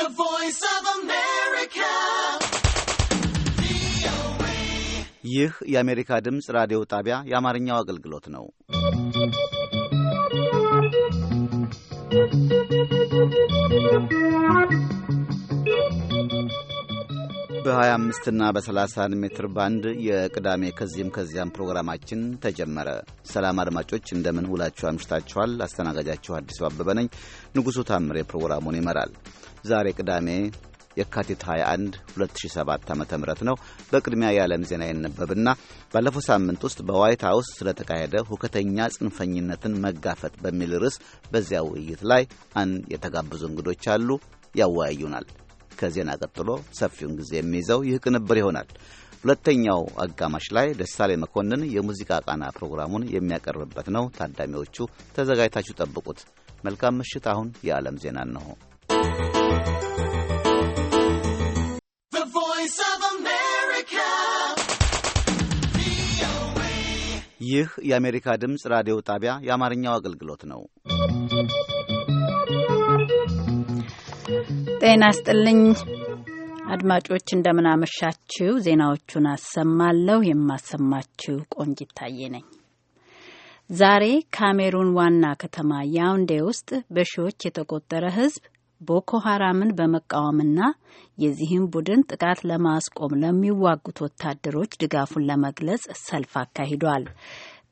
The Voice of America. ይህ የአሜሪካ ድምፅ ራዲዮ ጣቢያ የአማርኛው አገልግሎት ነው። ¶¶ በ25 እና በ30 ሜትር ባንድ የቅዳሜ ከዚህም ከዚያም ፕሮግራማችን ተጀመረ። ሰላም አድማጮች፣ እንደምን ውላችሁ አምሽታችኋል። አስተናጋጃችሁ አዲሱ አበበ ነኝ። ንጉሡ ታምሬ ፕሮግራሙን ይመራል። ዛሬ ቅዳሜ የካቲት 21 2007 ዓ ም ነው። በቅድሚያ የዓለም ዜና ይነበብና ባለፈው ሳምንት ውስጥ በዋይት ሀውስ ስለተካሄደ ሁከተኛ ጽንፈኝነትን መጋፈጥ በሚል ርዕስ በዚያ ውይይት ላይ አንድ የተጋበዙ እንግዶች አሉ፣ ያወያዩናል። ከዜና ቀጥሎ ሰፊውን ጊዜ የሚይዘው ይህ ቅንብር ይሆናል። ሁለተኛው አጋማሽ ላይ ደሳሌ መኮንን የሙዚቃ ቃና ፕሮግራሙን የሚያቀርብበት ነው። ታዳሚዎቹ ተዘጋጅታችሁ ጠብቁት። መልካም ምሽት። አሁን የዓለም ዜና ነው። ይህ የአሜሪካ ድምፅ ራዲዮ ጣቢያ የአማርኛው አገልግሎት ነው። ጤና ስጥልኝ አድማጮች፣ እንደምናመሻችው ዜናዎቹን አሰማለሁ። የማሰማችው ቆንጂት ታዬ ነኝ። ዛሬ ካሜሩን ዋና ከተማ ያውንዴ ውስጥ በሺዎች የተቆጠረ ሕዝብ ቦኮ ሀራምን በመቃወምና የዚህም ቡድን ጥቃት ለማስቆም ለሚዋጉት ወታደሮች ድጋፉን ለመግለጽ ሰልፍ አካሂዷል።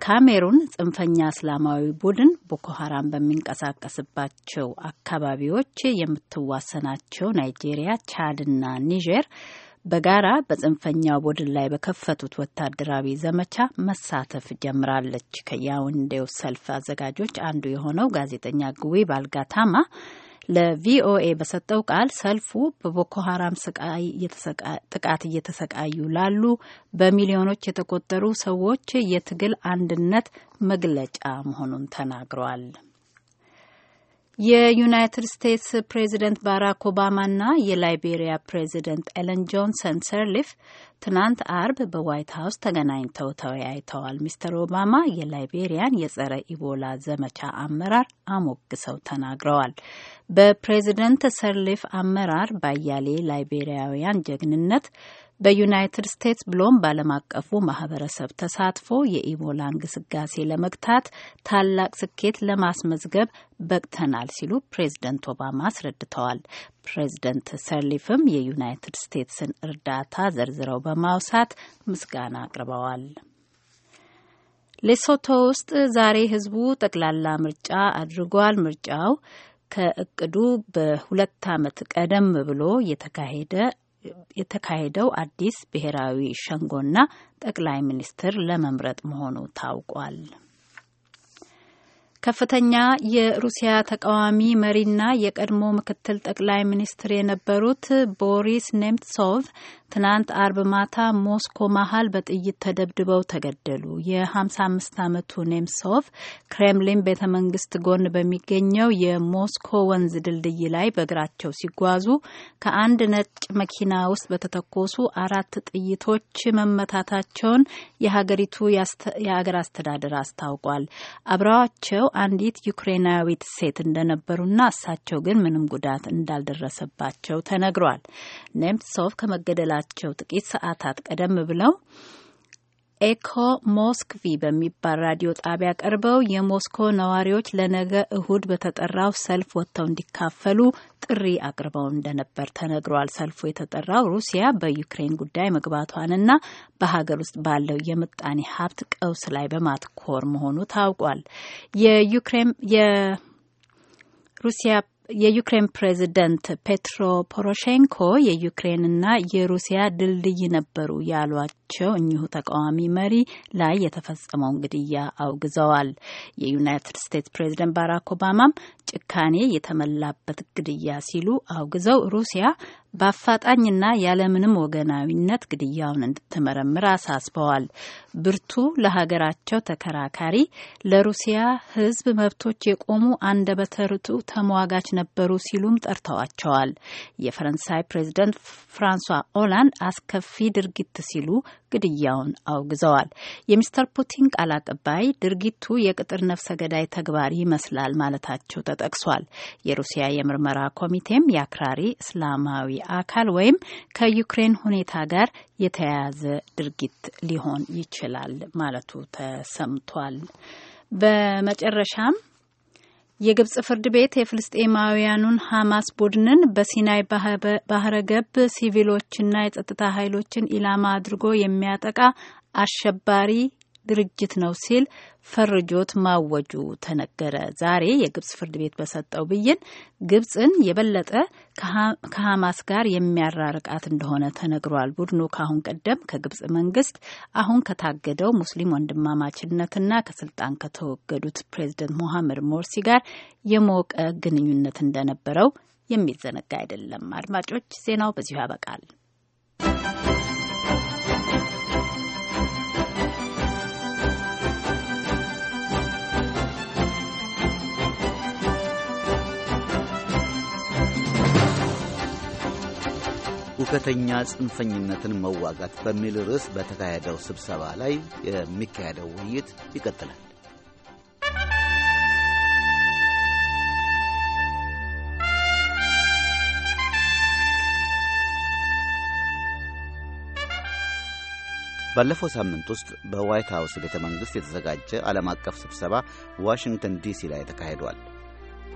ካሜሩን ጽንፈኛ እስላማዊ ቡድን ቦኮ ሀራም በሚንቀሳቀስባቸው አካባቢዎች የምትዋሰናቸው ናይጄሪያ፣ ቻድና ኒጀር በጋራ በጽንፈኛው ቡድን ላይ በከፈቱት ወታደራዊ ዘመቻ መሳተፍ ጀምራለች። ከያውንዴው ሰልፍ አዘጋጆች አንዱ የሆነው ጋዜጠኛ ጉዌ ባልጋታማ ለቪኦኤ በሰጠው ቃል ሰልፉ በቦኮ ሀራም ጥቃት እየተሰቃዩ ላሉ በሚሊዮኖች የተቆጠሩ ሰዎች የትግል አንድነት መግለጫ መሆኑን ተናግረዋል። የዩናይትድ ስቴትስ ፕሬዚደንት ባራክ ኦባማና የላይቤሪያ ፕሬዚደንት ኤለን ጆንሰን ሰርሊፍ ትናንት አርብ በዋይት ሀውስ ተገናኝተው ተወያይተዋል። ሚስተር ኦባማ የላይቤሪያን የጸረ ኢቦላ ዘመቻ አመራር አሞግሰው ተናግረዋል። በፕሬዚደንት ሰርሊፍ አመራር ባያሌ ላይቤሪያውያን ጀግንነት በዩናይትድ ስቴትስ ብሎም በዓለም አቀፉ ማህበረሰብ ተሳትፎ የኢቦላ እንግስጋሴ ለመግታት ታላቅ ስኬት ለማስመዝገብ በቅተናል ሲሉ ፕሬዝደንት ኦባማ አስረድተዋል። ፕሬዝደንት ሰርሊፍም የዩናይትድ ስቴትስን እርዳታ ዘርዝረው በማውሳት ምስጋና አቅርበዋል። ሌሶቶ ውስጥ ዛሬ ህዝቡ ጠቅላላ ምርጫ አድርጓል። ምርጫው ከእቅዱ በሁለት ዓመት ቀደም ብሎ የተካሄደ የተካሄደው አዲስ ብሔራዊ ሸንጎና ጠቅላይ ሚኒስትር ለመምረጥ መሆኑ ታውቋል። ከፍተኛ የሩሲያ ተቃዋሚ መሪና የቀድሞ ምክትል ጠቅላይ ሚኒስትር የነበሩት ቦሪስ ኔምትሶቭ ትናንት አርብ ማታ ሞስኮ መሀል በጥይት ተደብድበው ተገደሉ። የ55 ዓመቱ ኔምሶቭ ክሬምሊን ቤተ መንግስት ጎን በሚገኘው የሞስኮ ወንዝ ድልድይ ላይ በእግራቸው ሲጓዙ ከአንድ ነጭ መኪና ውስጥ በተተኮሱ አራት ጥይቶች መመታታቸውን የሀገሪቱ የአገር አስተዳደር አስታውቋል። አብረዋቸው አንዲት ዩክሬናዊት ሴት እንደነበሩና እሳቸው ግን ምንም ጉዳት እንዳልደረሰባቸው ተነግሯል። ኔምሶቭ ከመገደላ ከመግደላቸው ጥቂት ሰዓታት ቀደም ብለው ኤኮ ሞስክቪ በሚባል ራዲዮ ጣቢያ ቀርበው የሞስኮ ነዋሪዎች ለነገ እሁድ በተጠራው ሰልፍ ወጥተው እንዲካፈሉ ጥሪ አቅርበው እንደነበር ተነግሯል። ሰልፉ የተጠራው ሩሲያ በዩክሬን ጉዳይ መግባቷንና በሀገር ውስጥ ባለው የምጣኔ ሀብት ቀውስ ላይ በማትኮር መሆኑ ታውቋል። የዩክሬን የሩሲያ የዩክሬን ፕሬዚደንት ፔትሮ ፖሮሼንኮ የዩክሬንና የሩሲያ ድልድይ ነበሩ ያሏቸው ያላቸው እኚሁ ተቃዋሚ መሪ ላይ የተፈጸመውን ግድያ አውግዘዋል። የዩናይትድ ስቴትስ ፕሬዝደንት ባራክ ኦባማም ጭካኔ የተመላበት ግድያ ሲሉ አውግዘው ሩሲያ በአፋጣኝና ያለምንም ወገናዊነት ግድያውን እንድትመረምር አሳስበዋል። ብርቱ ለሀገራቸው ተከራካሪ፣ ለሩሲያ ሕዝብ መብቶች የቆሙ አንደበተ ርቱዕ ተሟጋች ነበሩ ሲሉም ጠርተዋቸዋል። የፈረንሳይ ፕሬዚደንት ፍራንሷ ኦላንድ አስከፊ ድርጊት ሲሉ ግድያውን አውግዘዋል። የሚስተር ፑቲን ቃል አቀባይ ድርጊቱ የቅጥር ነፍሰ ገዳይ ተግባር ይመስላል ማለታቸው ተጠቅሷል። የሩሲያ የምርመራ ኮሚቴም የአክራሪ እስላማዊ አካል ወይም ከዩክሬን ሁኔታ ጋር የተያያዘ ድርጊት ሊሆን ይችላል ማለቱ ተሰምቷል። በመጨረሻም የግብጽ ፍርድ ቤት የፍልስጤማውያኑን ሀማስ ቡድንን በሲናይ ባህረ ገብ ሲቪሎችና የጸጥታ ኃይሎችን ኢላማ አድርጎ የሚያጠቃ አሸባሪ ድርጅት ነው ሲል ፈርጆት ማወጁ ተነገረ። ዛሬ የግብጽ ፍርድ ቤት በሰጠው ብይን ግብጽን የበለጠ ከሀማስ ጋር የሚያራርቃት እንደሆነ ተነግሯል። ቡድኑ ከአሁን ቀደም ከግብጽ መንግስት አሁን ከታገደው ሙስሊም ወንድማማችነትና ከስልጣን ከተወገዱት ፕሬዚደንት ሞሐመድ ሞርሲ ጋር የሞቀ ግንኙነት እንደነበረው የሚዘነጋ አይደለም። አድማጮች፣ ዜናው በዚሁ ያበቃል። ሁከተኛ ጽንፈኝነትን መዋጋት በሚል ርዕስ በተካሄደው ስብሰባ ላይ የሚካሄደው ውይይት ይቀጥላል። ባለፈው ሳምንት ውስጥ በዋይት ሀውስ ቤተ መንግሥት የተዘጋጀ ዓለም አቀፍ ስብሰባ ዋሽንግተን ዲሲ ላይ ተካሂዷል።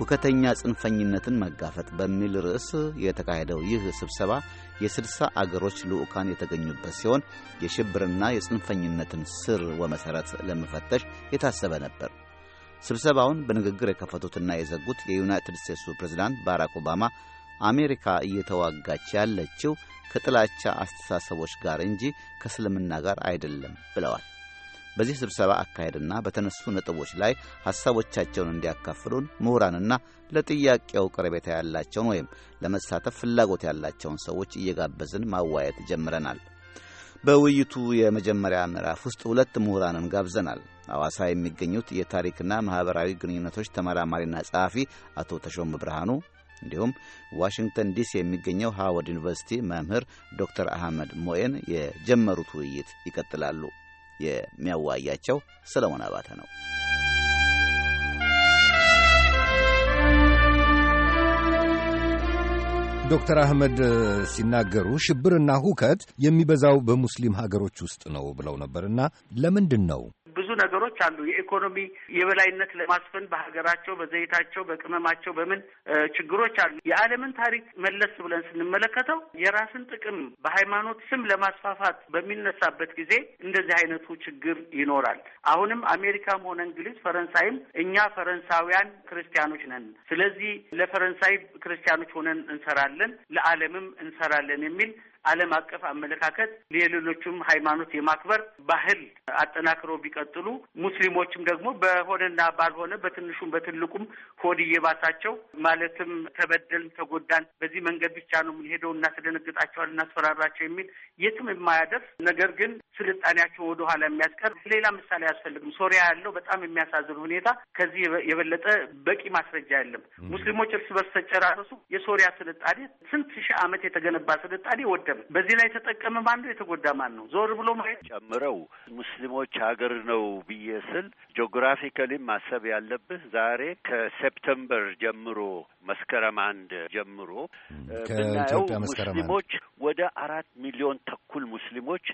ሁከተኛ ጽንፈኝነትን መጋፈጥ በሚል ርዕስ የተካሄደው ይህ ስብሰባ የስድሳ አገሮች ልዑካን የተገኙበት ሲሆን የሽብርና የጽንፈኝነትን ስር ወመሠረት ለመፈተሽ የታሰበ ነበር። ስብሰባውን በንግግር የከፈቱትና የዘጉት የዩናይትድ ስቴትሱ ፕሬዝዳንት ባራክ ኦባማ አሜሪካ እየተዋጋች ያለችው ከጥላቻ አስተሳሰቦች ጋር እንጂ ከእስልምና ጋር አይደለም ብለዋል። በዚህ ስብሰባ አካሄድና በተነሱ ነጥቦች ላይ ሐሳቦቻቸውን እንዲያካፍሉን ምሁራንና ለጥያቄው ቅርቤታ ያላቸውን ወይም ለመሳተፍ ፍላጎት ያላቸውን ሰዎች እየጋበዝን ማዋየት ጀምረናል። በውይይቱ የመጀመሪያ ምዕራፍ ውስጥ ሁለት ምሁራንን ጋብዘናል። አዋሳ የሚገኙት የታሪክና ማኅበራዊ ግንኙነቶች ተመራማሪና ጸሐፊ አቶ ተሾም ብርሃኑ እንዲሁም ዋሽንግተን ዲሲ የሚገኘው ሃወርድ ዩኒቨርሲቲ መምህር ዶክተር አህመድ ሞኤን የጀመሩት ውይይት ይቀጥላሉ። የሚያዋያቸው ሰለሞን አባተ ነው። ዶክተር አህመድ ሲናገሩ ሽብርና ሁከት የሚበዛው በሙስሊም ሀገሮች ውስጥ ነው ብለው ነበርና ለምንድን ነው ብዙ ነገሮች አሉ። የኢኮኖሚ የበላይነት ለማስፈን በሀገራቸው፣ በዘይታቸው፣ በቅመማቸው፣ በምን ችግሮች አሉ። የዓለምን ታሪክ መለስ ብለን ስንመለከተው የራስን ጥቅም በሃይማኖት ስም ለማስፋፋት በሚነሳበት ጊዜ እንደዚህ አይነቱ ችግር ይኖራል። አሁንም አሜሪካም ሆነ እንግሊዝ፣ ፈረንሳይም እኛ ፈረንሳውያን ክርስቲያኖች ነን፣ ስለዚህ ለፈረንሳይ ክርስቲያኖች ሆነን እንሰራለን፣ ለዓለምም እንሰራለን የሚል ዓለም አቀፍ አመለካከት የሌሎቹም ሃይማኖት የማክበር ባህል አጠናክሮ ቢቀጥሉ ሙስሊሞችም ደግሞ በሆነና ባልሆነ በትንሹም በትልቁም ሆድ እየባሳቸው ማለትም ተበደልን፣ ተጎዳን፣ በዚህ መንገድ ብቻ ነው የምንሄደው፣ እናስደነግጣቸዋል፣ እናስፈራራቸው የሚል የትም የማያደርስ ነገር ግን ስልጣኔያቸው ወደ ኋላ የሚያስቀር ሌላ ምሳሌ አያስፈልግም። ሶሪያ ያለው በጣም የሚያሳዝን ሁኔታ ከዚህ የበለጠ በቂ ማስረጃ የለም። ሙስሊሞች እርስ በርስ ተጨራረሱ። የሶሪያ ስልጣኔ ስንት ሺህ ዓመት የተገነባ ስልጣኔ ወደ መጠቀም። በዚህ ላይ የተጠቀመ ማን ነው? የተጎዳ ማን ነው? ዞር ብሎ ማየት ጨምረው ሙስሊሞች ሀገር ነው ብዬ ስል ጂኦግራፊካሊ ማሰብ ያለብህ ዛሬ ከሴፕተምበር ጀምሮ መስከረም አንድ ጀምሮ ብናየው ሙስሊሞች ወደ አራት ሚሊዮን ተኩል ሙስሊሞች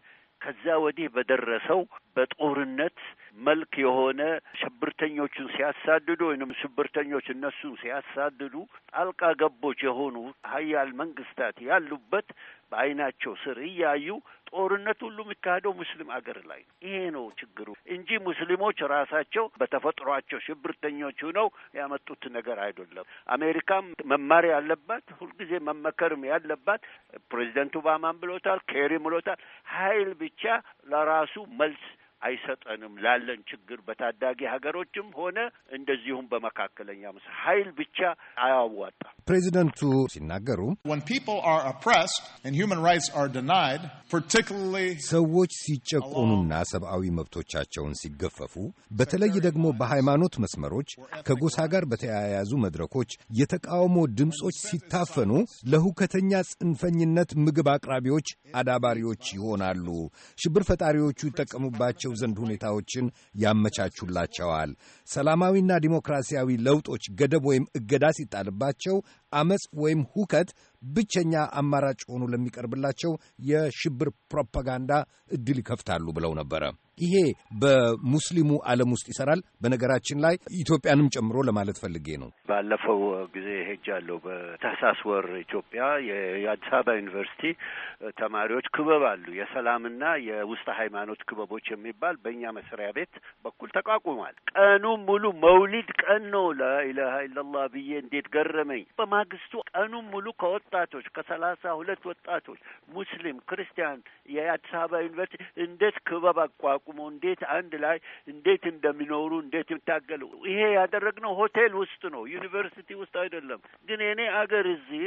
ከዛ ወዲህ በደረሰው በጦርነት መልክ የሆነ ሽብርተኞቹን ሲያሳድዱ ወይም ሽብርተኞች እነሱን ሲያሳድዱ ጣልቃ ገቦች የሆኑ ሀያል መንግስታት ያሉበት በአይናቸው ስር እያዩ ጦርነት ሁሉ የሚካሄደው ሙስሊም አገር ላይ ነው። ይሄ ነው ችግሩ እንጂ ሙስሊሞች ራሳቸው በተፈጥሯቸው ሽብርተኞች ሆነው ያመጡት ነገር አይደለም። አሜሪካም መማር ያለባት ሁልጊዜ መመከርም ያለባት ፕሬዚደንት ኦባማን ብሎታል፣ ኬሪም ብሎታል። ሀይል ብቻ ለራሱ መልስ አይሰጠንም ላለን ችግር በታዳጊ ሀገሮችም ሆነ እንደዚሁም በመካከለኛ ምስ ኃይል ብቻ አያዋጣም። ፕሬዚደንቱ ሲናገሩ ሰዎች ሲጨቆኑና ሰብአዊ መብቶቻቸውን ሲገፈፉ፣ በተለይ ደግሞ በሃይማኖት መስመሮች ከጎሳ ጋር በተያያዙ መድረኮች የተቃውሞ ድምፆች ሲታፈኑ ለሁከተኛ ጽንፈኝነት ምግብ አቅራቢዎች አዳባሪዎች ይሆናሉ። ሽብር ፈጣሪዎቹ ይጠቀሙባቸው ያደርጋቸው ዘንድ ሁኔታዎችን ያመቻቹላቸዋል። ሰላማዊና ዲሞክራሲያዊ ለውጦች ገደብ ወይም እገዳ ሲጣልባቸው አመፅ ወይም ሁከት ብቸኛ አማራጭ ሆኖ ለሚቀርብላቸው የሽብር ፕሮፓጋንዳ እድል ይከፍታሉ ብለው ነበረ። ይሄ በሙስሊሙ ዓለም ውስጥ ይሰራል። በነገራችን ላይ ኢትዮጵያንም ጨምሮ ለማለት ፈልጌ ነው። ባለፈው ጊዜ ሄጃለሁ። በታህሳስ ወር ኢትዮጵያ የአዲስ አበባ ዩኒቨርሲቲ ተማሪዎች ክበብ አሉ። የሰላምና የውስጥ ሃይማኖት ክበቦች የሚባል በእኛ መስሪያ ቤት በኩል ተቋቁሟል። ቀኑን ሙሉ መውሊድ ቀን ነው። ላኢላሃ ኢለላህ ብዬ እንዴት ገረመኝ። በማግስቱ ቀኑን ሙሉ ከወጥ ወጣቶች ከሰላሳ ሁለት ወጣቶች ሙስሊም፣ ክርስቲያን የአዲስ አበባ ዩኒቨርሲቲ እንዴት ክበብ አቋቁሞ እንዴት አንድ ላይ እንዴት እንደሚኖሩ እንዴት ይታገሉ። ይሄ ያደረግነው ሆቴል ውስጥ ነው፣ ዩኒቨርሲቲ ውስጥ አይደለም። ግን የኔ አገር እዚህ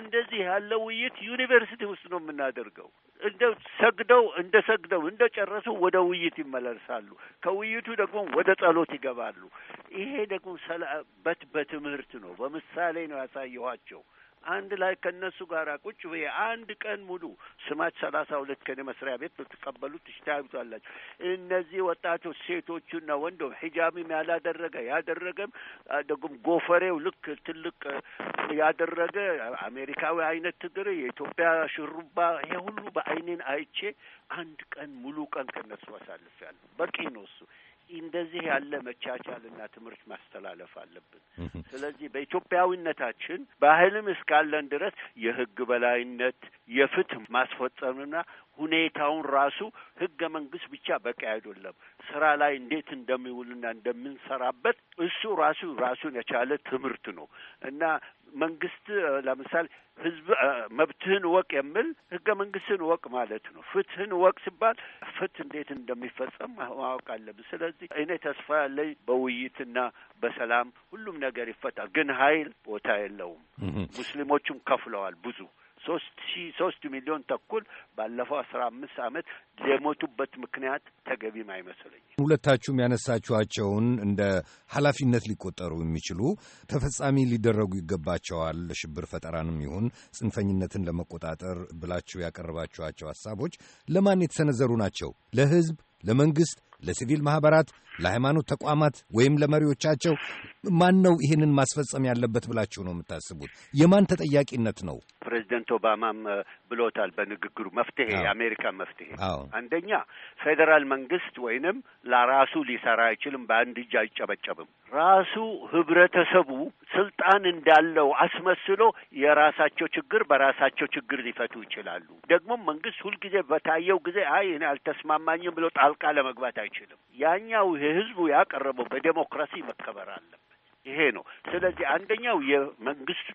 እንደዚህ ያለ ውይይት ዩኒቨርሲቲ ውስጥ ነው የምናደርገው። እንደ ሰግደው እንደ ሰግደው እንደ ጨረሱ ወደ ውይይት ይመለሳሉ። ከውይይቱ ደግሞ ወደ ጸሎት ይገባሉ። ይሄ ደግሞ በትምህርት ነው፣ በምሳሌ ነው ያሳየኋቸው። አንድ ላይ ከእነሱ ጋር ቁጭ ብዬ አንድ ቀን ሙሉ ስማች ሰላሳ ሁለት ከኔ መስሪያ ቤት ብትቀበሉት ትሽታዩታላችሁ። እነዚህ ወጣቶች ሴቶቹና ወንዶም ሂጃብም ያላደረገ ያደረገም ደግሞ ጎፈሬው ልክ ትልቅ ያደረገ አሜሪካዊ አይነት ትግር የኢትዮጵያ ሽሩባ የሁሉ በአይኔን አይቼ አንድ ቀን ሙሉ ቀን ከነሱ አሳልፍ አሳልፌያለሁ። በቂ ነው እሱ። እንደዚህ ያለ መቻቻልና ትምህርት ማስተላለፍ አለብን። ስለዚህ በኢትዮጵያዊነታችን ባህልም እስካለን ድረስ የህግ በላይነት የፍትህ ማስፈጸምና ሁኔታውን ራሱ ህገ መንግስት ብቻ በቂ አይደለም። ስራ ላይ እንዴት እንደሚውልና እንደምንሰራበት እሱ ራሱ ራሱን የቻለ ትምህርት ነው እና መንግስት ለምሳሌ ህዝብ መብትህን ወቅ የሚል ህገ መንግስትን ወቅ ማለት ነው። ፍትህን ወቅ ሲባል ፍትህ እንዴት እንደሚፈጸም ማወቅ አለብን። ስለዚህ እኔ ተስፋ ያለኝ በውይይትና በሰላም ሁሉም ነገር ይፈታል። ግን ሀይል ቦታ የለውም። ሙስሊሞቹም ከፍለዋል ብዙ ሶስት ሺ ሶስት ሚሊዮን ተኩል ባለፈው አስራ አምስት ዓመት የሞቱበት ምክንያት ተገቢም አይመስለኝም። ሁለታችሁም ያነሳችኋቸውን እንደ ኃላፊነት ሊቆጠሩ የሚችሉ ተፈጻሚ ሊደረጉ ይገባቸዋል። ለሽብር ፈጠራንም ይሁን ጽንፈኝነትን ለመቆጣጠር ብላችሁ ያቀረባችኋቸው ሀሳቦች ለማን የተሰነዘሩ ናቸው? ለህዝብ ለመንግስት ለሲቪል ማኅበራት፣ ለሃይማኖት ተቋማት ወይም ለመሪዎቻቸው ማን ነው ይህንን ማስፈጸም ያለበት ብላችሁ ነው የምታስቡት? የማን ተጠያቂነት ነው? ፕሬዚደንት ኦባማም ብሎታል በንግግሩ መፍትሄ፣ የአሜሪካ መፍትሄ አንደኛ ፌዴራል መንግስት ወይንም ለራሱ ሊሰራ አይችልም፣ በአንድ እጅ አይጨበጨብም። ራሱ ህብረተሰቡ ስልጣን እንዳለው አስመስሎ የራሳቸው ችግር በራሳቸው ችግር ሊፈቱ ይችላሉ። ደግሞ መንግስት ሁልጊዜ በታየው ጊዜ አይ እኔ አልተስማማኝም ብሎ ጣልቃ ለመግባት አይ አይችልም። ያኛው የህዝቡ ያቀረበው በዴሞክራሲ መከበር አለበት። ይሄ ነው። ስለዚህ አንደኛው የመንግስት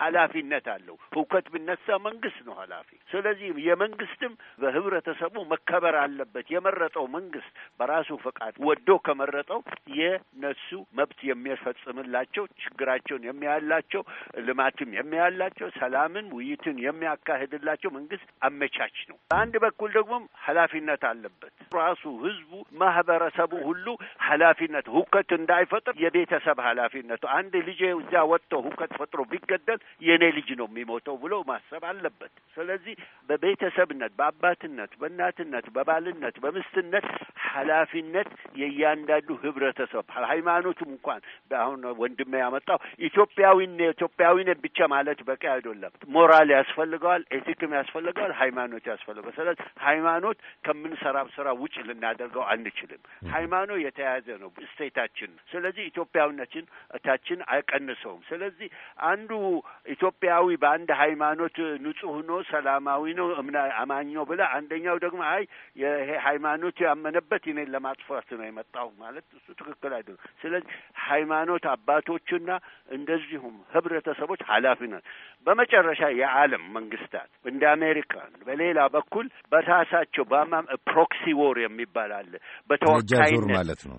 ኃላፊነት አለው። ሁከት ቢነሳ መንግስት ነው ኃላፊ። ስለዚህ የመንግስትም በህብረተሰቡ መከበር አለበት። የመረጠው መንግስት በራሱ ፈቃድ ወዶ ከመረጠው የነሱ መብት የሚፈጽምላቸው ችግራቸውን የሚያላቸው ልማትም የሚያላቸው ሰላምን፣ ውይይትን የሚያካሂድላቸው መንግስት አመቻች ነው። በአንድ በኩል ደግሞ ኃላፊነት አለበት ራሱ ህዝቡ፣ ማህበረሰቡ ሁሉ ኃላፊነት ሁከት እንዳይፈጥር የቤተሰብ ኃላፊነቱ አንድ ልጄ እዚያ ወጥቶ ሁከት ፈጥሮ ቢገደል ሳይሆን የእኔ ልጅ ነው የሚሞተው ብሎ ማሰብ አለበት። ስለዚህ በቤተሰብነት፣ በአባትነት፣ በእናትነት፣ በባልነት፣ በምስትነት ኃላፊነት የእያንዳንዱ ህብረተሰብ ሃይማኖቱም እንኳን አሁን ወንድሜ ያመጣው ኢትዮጵያዊን ኢትዮጵያዊን ብቻ ማለት በቂ አይደለም። ሞራል ያስፈልገዋል፣ ኤቲክም ያስፈልገዋል፣ ሃይማኖት ያስፈልገዋል። ስለዚህ ሃይማኖት ከምንሰራብ ስራ ውጭ ልናደርገው አንችልም። ሃይማኖት የተያያዘ ነው ስቴታችን። ስለዚህ ኢትዮጵያዊነችን እታችን አይቀንሰውም። ስለዚህ አንዱ ኢትዮጵያዊ በአንድ ሃይማኖት ንጹህ ነው፣ ሰላማዊ ነው፣ እምና አማኝ ነው ብለ አንደኛው ደግሞ አይ ይሄ ሃይማኖት ያመነበት እኔን ለማጥፋት ነው የመጣው ማለት እሱ ትክክል አይደለም። ስለዚህ ሃይማኖት አባቶችና እንደዚሁም ህብረተሰቦች ኃላፊ ናት። በመጨረሻ የዓለም መንግስታት እንደ አሜሪካን በሌላ በኩል በራሳቸው በማ ፕሮክሲ ዎር የሚባል አለ። በተወካይነት ማለት ነው።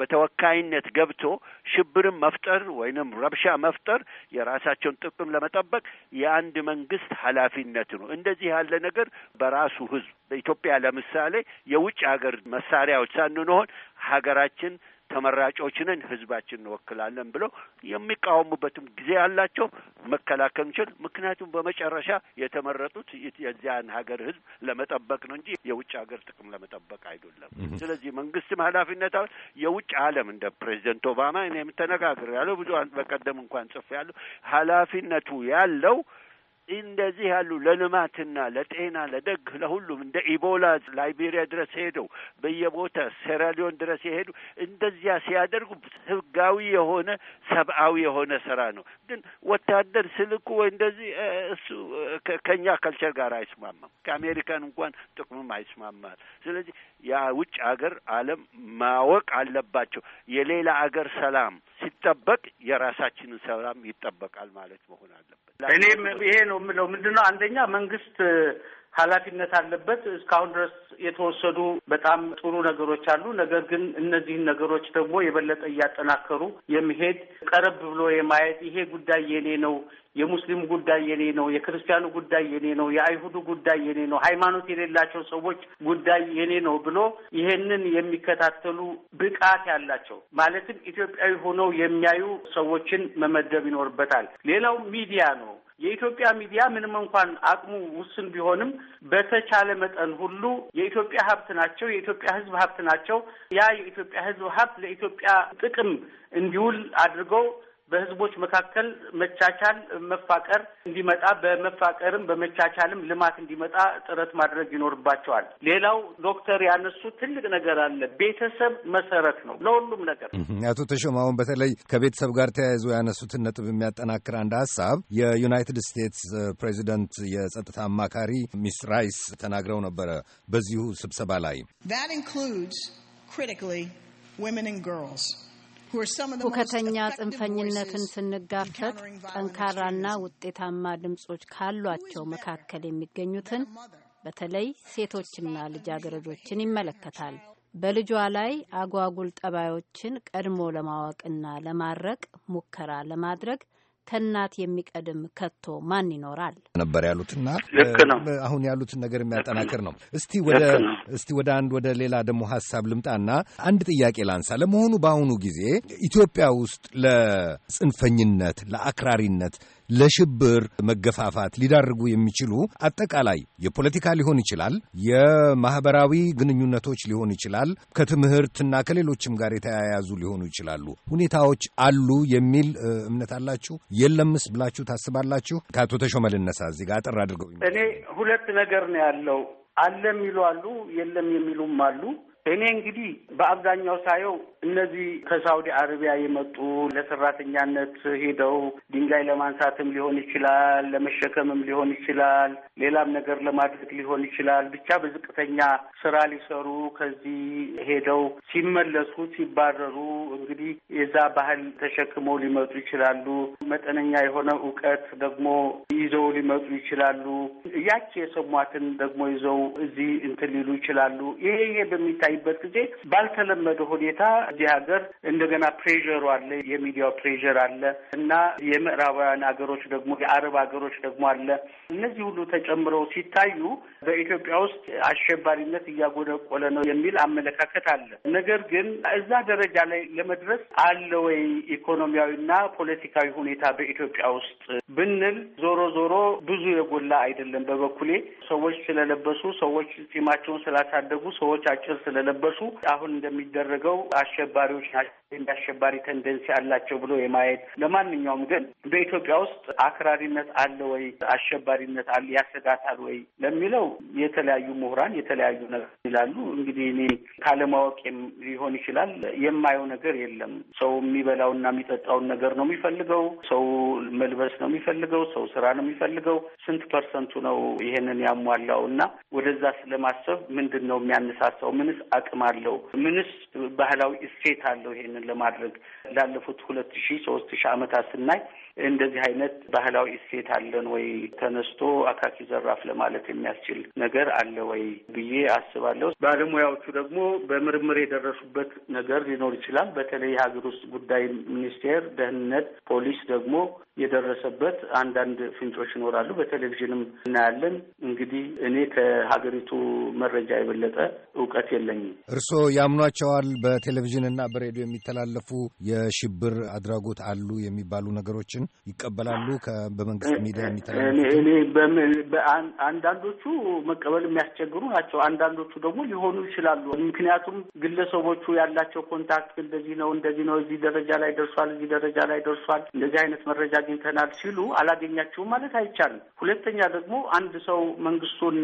በተወካይነት ገብቶ ሽብርን መፍጠር ወይንም ረብሻ መፍጠር የራሳቸው የሀገራቸውን ጥቅም ለመጠበቅ የአንድ መንግስት ኃላፊነት ነው። እንደዚህ ያለ ነገር በራሱ ህዝብ በኢትዮጵያ ለምሳሌ የውጭ ሀገር መሳሪያዎች ሳንሆን ሀገራችን ተመራጮች ነን፣ ህዝባችን እንወክላለን ብለው የሚቃወሙበትም ጊዜ ያላቸው መከላከል እንችል። ምክንያቱም በመጨረሻ የተመረጡት የዚያን ሀገር ህዝብ ለመጠበቅ ነው እንጂ የውጭ ሀገር ጥቅም ለመጠበቅ አይደለም። ስለዚህ መንግስትም ኃላፊነት አለ። የውጭ ዓለም እንደ ፕሬዚደንት ኦባማ እኔም ያለው ብዙ በቀደም እንኳን ያለው ኃላፊነቱ ያለው እንደዚህ ያሉ ለልማትና ለጤና ለደግ ለሁሉም እንደ ኢቦላ ላይቤሪያ ድረስ ሄደው በየቦታ ሴራሊዮን ድረስ የሄዱ እንደዚያ ሲያደርጉ ህጋዊ የሆነ ሰብአዊ የሆነ ስራ ነው። ግን ወታደር ስልኩ ወይ እንደዚህ እሱ ከእኛ ከልቸር ጋር አይስማማም። ከአሜሪካን እንኳን ጥቅምም አይስማማል። ስለዚህ የውጭ አገር አለም ማወቅ አለባቸው። የሌላ አገር ሰላም ሲጠበቅ የራሳችንን ሰላም ይጠበቃል ማለት መሆን አለበት። እኔም ይሄ ነው የምለው ምንድን ነው አንደኛ መንግስት ኃላፊነት አለበት። እስካሁን ድረስ የተወሰዱ በጣም ጥሩ ነገሮች አሉ። ነገር ግን እነዚህን ነገሮች ደግሞ የበለጠ እያጠናከሩ የመሄድ ቀረብ ብሎ የማየት ይሄ ጉዳይ የኔ ነው፣ የሙስሊም ጉዳይ የኔ ነው፣ የክርስቲያኑ ጉዳይ የኔ ነው፣ የአይሁዱ ጉዳይ የኔ ነው፣ ሃይማኖት የሌላቸው ሰዎች ጉዳይ የኔ ነው ብሎ ይሄንን የሚከታተሉ ብቃት ያላቸው ማለትም ኢትዮጵያዊ ሆነው የሚያዩ ሰዎችን መመደብ ይኖርበታል። ሌላው ሚዲያ ነው። የኢትዮጵያ ሚዲያ ምንም እንኳን አቅሙ ውስን ቢሆንም በተቻለ መጠን ሁሉ የኢትዮጵያ ሀብት ናቸው፣ የኢትዮጵያ ሕዝብ ሀብት ናቸው። ያ የኢትዮጵያ ሕዝብ ሀብት ለኢትዮጵያ ጥቅም እንዲውል አድርገው በህዝቦች መካከል መቻቻል፣ መፋቀር እንዲመጣ በመፋቀርም በመቻቻልም ልማት እንዲመጣ ጥረት ማድረግ ይኖርባቸዋል። ሌላው ዶክተር ያነሱ ትልቅ ነገር አለ። ቤተሰብ መሰረት ነው ለሁሉም ነገር። አቶ ተሾም አሁን በተለይ ከቤተሰብ ጋር ተያይዞ ያነሱትን ነጥብ የሚያጠናክር አንድ ሀሳብ የዩናይትድ ስቴትስ ፕሬዚደንት የጸጥታ አማካሪ ሚስ ራይስ ተናግረው ነበረ በዚሁ ስብሰባ ላይ ሁከተኛ ጽንፈኝነትን ስንጋፈጥ ጠንካራና ውጤታማ ድምጾች ካሏቸው መካከል የሚገኙትን በተለይ ሴቶችና ልጃገረዶችን ይመለከታል። በልጇ ላይ አጓጉል ጠባዮችን ቀድሞ ለማወቅና ለማድረቅ ሙከራ ለማድረግ ከእናት የሚቀድም ከቶ ማን ይኖራል ነበር ያሉትና ልክ ነው። አሁን ያሉትን ነገር የሚያጠናክር ነው። እስቲ ወደ እስቲ ወደ አንድ ወደ ሌላ ደግሞ ሀሳብ ልምጣና አንድ ጥያቄ ላንሳ። ለመሆኑ በአሁኑ ጊዜ ኢትዮጵያ ውስጥ ለጽንፈኝነት፣ ለአክራሪነት ለሽብር መገፋፋት ሊዳርጉ የሚችሉ አጠቃላይ የፖለቲካ ሊሆን ይችላል፣ የማህበራዊ ግንኙነቶች ሊሆን ይችላል፣ ከትምህርትና ከሌሎችም ጋር የተያያዙ ሊሆኑ ይችላሉ ሁኔታዎች አሉ የሚል እምነት አላችሁ? የለምስ ብላችሁ ታስባላችሁ? ከአቶ ተሾመ ልነሳ እዚህ ጋር አጠር አድርገው። እኔ ሁለት ነገር ነው ያለው። አለ የሚሉ አሉ፣ የለም የሚሉም አሉ። እኔ እንግዲህ በአብዛኛው ሳየው እነዚህ ከሳውዲ አረቢያ የመጡ ለሰራተኛነት ሄደው ድንጋይ ለማንሳትም ሊሆን ይችላል፣ ለመሸከምም ሊሆን ይችላል፣ ሌላም ነገር ለማድረግ ሊሆን ይችላል። ብቻ በዝቅተኛ ስራ ሊሰሩ ከዚህ ሄደው ሲመለሱ ሲባረሩ እንግዲህ የዛ ባህል ተሸክመው ሊመጡ ይችላሉ። መጠነኛ የሆነ እውቀት ደግሞ ይዘው ሊመጡ ይችላሉ። ያቺ የሰሟትን ደግሞ ይዘው እዚህ እንትን ሊሉ ይችላሉ። ይሄ ይሄ በሚታይ በምናይበት ጊዜ ባልተለመደ ሁኔታ እዚህ ሀገር እንደገና ፕሬሩ አለ፣ የሚዲያው ፕሬር አለ እና የምዕራባውያን ሀገሮች ደግሞ የአረብ ሀገሮች ደግሞ አለ። እነዚህ ሁሉ ተጨምረው ሲታዩ በኢትዮጵያ ውስጥ አሸባሪነት እያጎደቆለ ነው የሚል አመለካከት አለ። ነገር ግን እዛ ደረጃ ላይ ለመድረስ አለ ወይ ኢኮኖሚያዊና ፖለቲካዊ ሁኔታ በኢትዮጵያ ውስጥ ብንል ዞሮ ዞሮ ብዙ የጎላ አይደለም። በበኩሌ ሰዎች ስለለበሱ፣ ሰዎች ጢማቸውን ስላሳደጉ፣ ሰዎች አጭር ስለለበሱ አሁን እንደሚደረገው አሸባሪዎች ናቸው እንደ አሸባሪ ቴንደንሲ አላቸው ብሎ የማየት ለማንኛውም ግን በኢትዮጵያ ውስጥ አክራሪነት አለ ወይ አሸባሪነት አለ ያሰጋታል ወይ ለሚለው የተለያዩ ምሁራን የተለያዩ ነገር ይላሉ። እንግዲህ እኔ ካለማወቅም ሊሆን ይችላል የማየው ነገር የለም። ሰው የሚበላውና የሚጠጣውን ነገር ነው የሚፈልገው። ሰው መልበስ ነው የሚፈልገው። ሰው ስራ ነው የሚፈልገው። ስንት ፐርሰንቱ ነው ይሄንን ያሟላው? እና ወደዛ ስለማሰብ ምንድን ነው የሚያነሳሳው? ምንስ አቅም አለው? ምንስ ባህላዊ እሴት አለው? ይሄንን ይህንን ለማድረግ ላለፉት ሁለት ሺ ሶስት ሺ ዓመታት ስናይ እንደዚህ አይነት ባህላዊ እሴት አለን ወይ ተነስቶ አካኪ ዘራፍ ለማለት የሚያስችል ነገር አለ ወይ ብዬ አስባለሁ። ባለሙያዎቹ ደግሞ በምርምር የደረሱበት ነገር ሊኖር ይችላል። በተለይ የሀገር ውስጥ ጉዳይ ሚኒስቴር፣ ደህንነት፣ ፖሊስ ደግሞ የደረሰበት አንዳንድ ፍንጮች ይኖራሉ። በቴሌቪዥንም እናያለን። እንግዲህ እኔ ከሀገሪቱ መረጃ የበለጠ እውቀት የለኝም። እርስዎ ያምኗቸዋል? በቴሌቪዥንና በሬዲዮ የሚተላለፉ የሽብር አድራጎት አሉ የሚባሉ ነገሮችን ይቀበላሉ? በመንግስት ሚዲያ አንዳንዶቹ መቀበል የሚያስቸግሩ ናቸው። አንዳንዶቹ ደግሞ ሊሆኑ ይችላሉ። ምክንያቱም ግለሰቦቹ ያላቸው ኮንታክት እንደዚህ ነው፣ እንደዚህ ነው፣ እዚህ ደረጃ ላይ ደርሷል፣ እዚህ ደረጃ ላይ ደርሷል፣ እንደዚህ አይነት መረጃ አግኝተናል ሲሉ አላገኛቸውም ማለት አይቻልም። ሁለተኛ ደግሞ አንድ ሰው መንግስቱን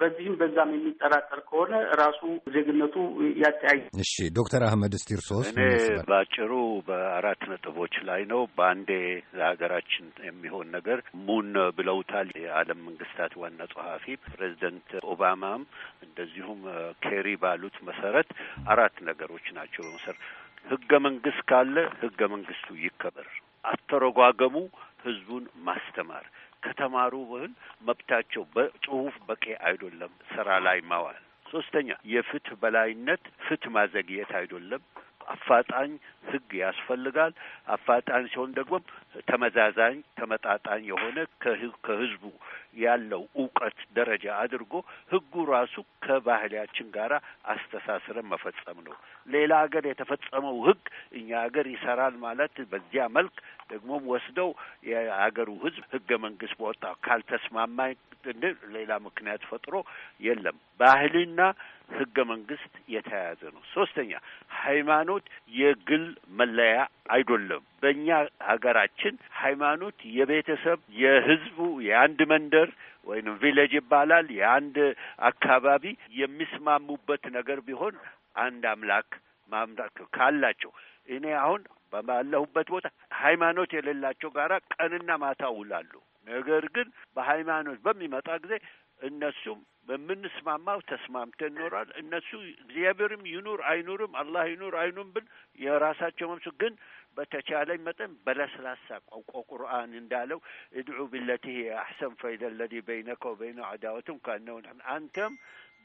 በዚህም በዛም የሚጠራጠር ከሆነ ራሱ ዜግነቱ ያጠያይ። እሺ ዶክተር አህመድ ስቲርሶስ እኔ በአጭሩ በአራት ነጥቦች ላይ ነው። በአንዴ ለሀገራችን የሚሆን ነገር ሙን ብለውታል የዓለም መንግስታት ዋና ጸሐፊ ፕሬዚደንት ኦባማም እንደዚሁም ኬሪ ባሉት መሰረት አራት ነገሮች ናቸው በመሰረት ህገ መንግስት ካለ ህገ መንግስቱ ይከበር። አተረጓገሙ ህዝቡን ማስተማር ከተማሩ ብህል መብታቸው በጽሁፍ በቂ አይደለም፣ ስራ ላይ ማዋል። ሶስተኛ የፍትህ በላይነት ፍትህ ማዘግየት አይደለም፣ አፋጣኝ ህግ ያስፈልጋል። አፋጣኝ ሲሆን ደግሞ ተመዛዛኝ፣ ተመጣጣኝ የሆነ ከህዝቡ ያለው እውቀት ደረጃ አድርጎ ህጉ ራሱ ከባህሊያችን ጋር አስተሳስረን መፈጸም ነው። ሌላ ሀገር የተፈጸመው ህግ እኛ ሀገር ይሰራል ማለት በዚያ መልክ ደግሞም ወስደው የሀገሩ ህዝብ ህገ መንግስት በወጣ ካልተስማማኝ ሌላ ምክንያት ፈጥሮ የለም ባህልና ህገ መንግስት የተያያዘ ነው። ሶስተኛ ሃይማኖት የግል መለያ አይደለም። በእኛ ሀገራችን ሃይማኖት የቤተሰብ የህዝቡ፣ የአንድ መንደር ወይም ቪሌጅ ይባላል የአንድ አካባቢ የሚስማሙበት ነገር ቢሆን አንድ አምላክ ማምላክ ካላቸው እኔ አሁን በባለሁበት ቦታ ሃይማኖት የሌላቸው ጋራ ቀንና ማታ ውላሉ። ነገር ግን በሃይማኖት በሚመጣ ጊዜ እነሱም በምንስማማው ተስማምተን ኖራል። እነሱ እግዚአብሔርም ይኑር አይኑርም፣ አላህ ይኑር አይኑም ብል የራሳቸው መምሱ ግን በተቻለኝ መጠን በለስላሳ ቋንቋ ቁርአን እንዳለው እድዑ ብለቲ አሕሰን ፈይደ ለዲ በይነከ ወበይነ ዐዳወቱም ካነውን አንተም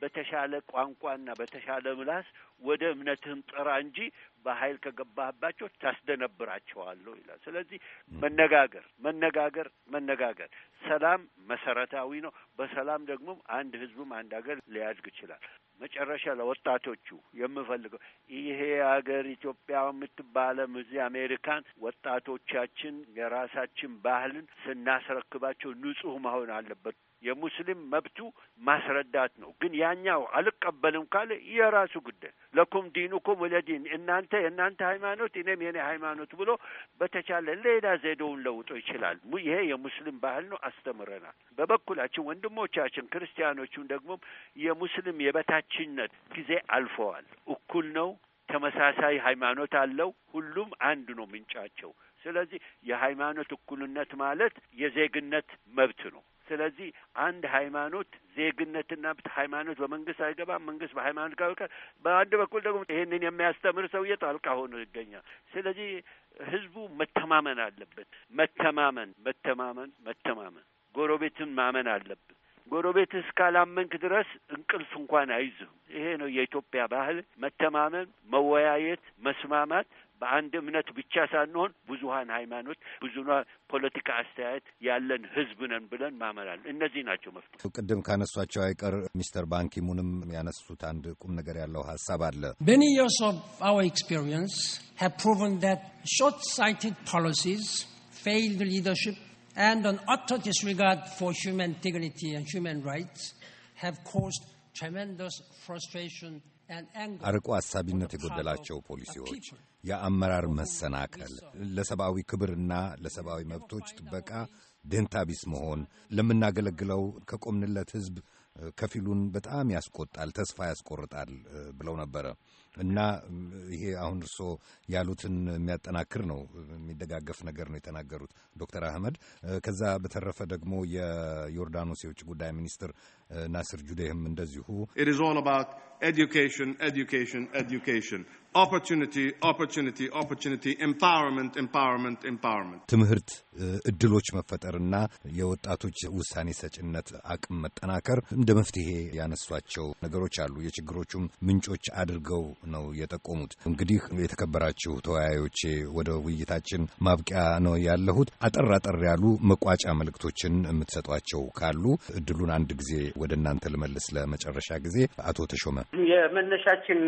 በተሻለ ቋንቋና በተሻለ ምላስ ወደ እምነትህም ጥራ እንጂ በኃይል ከገባህባቸው ታስደነብራቸዋለሁ ይላል። ስለዚህ መነጋገር መነጋገር መነጋገር፣ ሰላም መሰረታዊ ነው። በሰላም ደግሞ አንድ ህዝብም አንድ ሀገር ሊያድግ ይችላል። መጨረሻ ለወጣቶቹ የምፈልገው ይሄ ሀገር ኢትዮጵያ የምትባለም እዚህ አሜሪካን ወጣቶቻችን የራሳችን ባህልን ስናስረክባቸው ንጹህ መሆን አለበት። የሙስሊም መብቱ ማስረዳት ነው። ግን ያኛው አልቀበልም ካለ የራሱ ጉዳይ። ለኩም ዲኑኩም ወለዲን፣ እናንተ የእናንተ ሃይማኖት እኔም የኔ ሃይማኖት ብሎ በተቻለ ሌላ ዘዴውን ለውጦ ይችላል። ይሄ የሙስሊም ባህል ነው፣ አስተምረናል። በበኩላችን ወንድሞቻችን ክርስቲያኖቹን ደግሞ የሙስሊም የበታችነት ጊዜ አልፈዋል። እኩል ነው፣ ተመሳሳይ ሃይማኖት አለው፣ ሁሉም አንድ ነው ምንጫቸው። ስለዚህ የሃይማኖት እኩልነት ማለት የዜግነት መብት ነው። ስለዚህ አንድ ሃይማኖት ዜግነትና ሃይማኖት በመንግስት አይገባም፣ መንግስት በሃይማኖት ጋር በአንድ በኩል ደግሞ ይህንን የሚያስተምር ሰውዬ ጣልቃ ሆኖ ይገኛል። ስለዚህ ህዝቡ መተማመን አለበት። መተማመን መተማመን መተማመን ጎረቤትን ማመን አለብን። ጎረቤት እስካላመንክ ድረስ እንቅልፍ እንኳን አይዝም። ይሄ ነው የኢትዮጵያ ባህል። መተማመን፣ መወያየት፣ መስማማት በአንድ እምነት ብቻ ሳንሆን ብዙሀን ሃይማኖት ብዙና ፖለቲካ አስተያየት ያለን ህዝብ ነን ብለን ማመራል። እነዚህ ናቸው መፍትሄ። ቅድም ካነሷቸው አይቀር ሚስተር ባንኪሙንም ያነሱት አንድ ቁም ነገር ያለው ሀሳብ አለ። ሜኒ ይርስ ኦፍ አወር ኤክስፒሪየንስ ሃቭ ፕሩቨን ዛት ሾርት ሳይትድ ፖሊሲስ ፌይልድ ሊደርሺፕ ኤንድ አን አተር ዲስሪጋርድ ፎር ሂውማን ዲግኒቲ ኤንድ ሂውማን ኮዝድ ትሬመንደስ ፍራስትሬሽን አርቆ አሳቢነት የጎደላቸው ፖሊሲዎች የአመራር መሰናከል፣ ለሰብአዊ ክብርና ለሰብአዊ መብቶች ጥበቃ ደንታቢስ መሆን ለምናገለግለው ከቆምንለት ህዝብ ከፊሉን በጣም ያስቆጣል፣ ተስፋ ያስቆርጣል ብለው ነበረ እና ይሄ አሁን እርስዎ ያሉትን የሚያጠናክር ነው፣ የሚደጋገፍ ነገር ነው የተናገሩት ዶክተር አህመድ። ከዛ በተረፈ ደግሞ የዮርዳኖስ የውጭ ጉዳይ ሚኒስትር ናስር ጁዴህም እንደዚሁ education, education, education. ኦፖርቹኒቲ ኦፖርቹኒቲ ኦፖርቹኒቲ ኤምፓወርመንት ኤምፓወርመንት ኤምፓወርመንት ትምህርት እድሎች መፈጠርና የወጣቶች ውሳኔ ሰጭነት አቅም መጠናከር እንደ መፍትሄ ያነሷቸው ነገሮች አሉ። የችግሮቹም ምንጮች አድርገው ነው የጠቆሙት። እንግዲህ የተከበራችሁ ተወያዮቼ ወደ ውይይታችን ማብቂያ ነው ያለሁት። አጠር አጠር ያሉ መቋጫ መልእክቶችን የምትሰጧቸው ካሉ እድሉን አንድ ጊዜ ወደ እናንተ ልመልስ ለመጨረሻ ጊዜ። አቶ ተሾመ የመነሻችን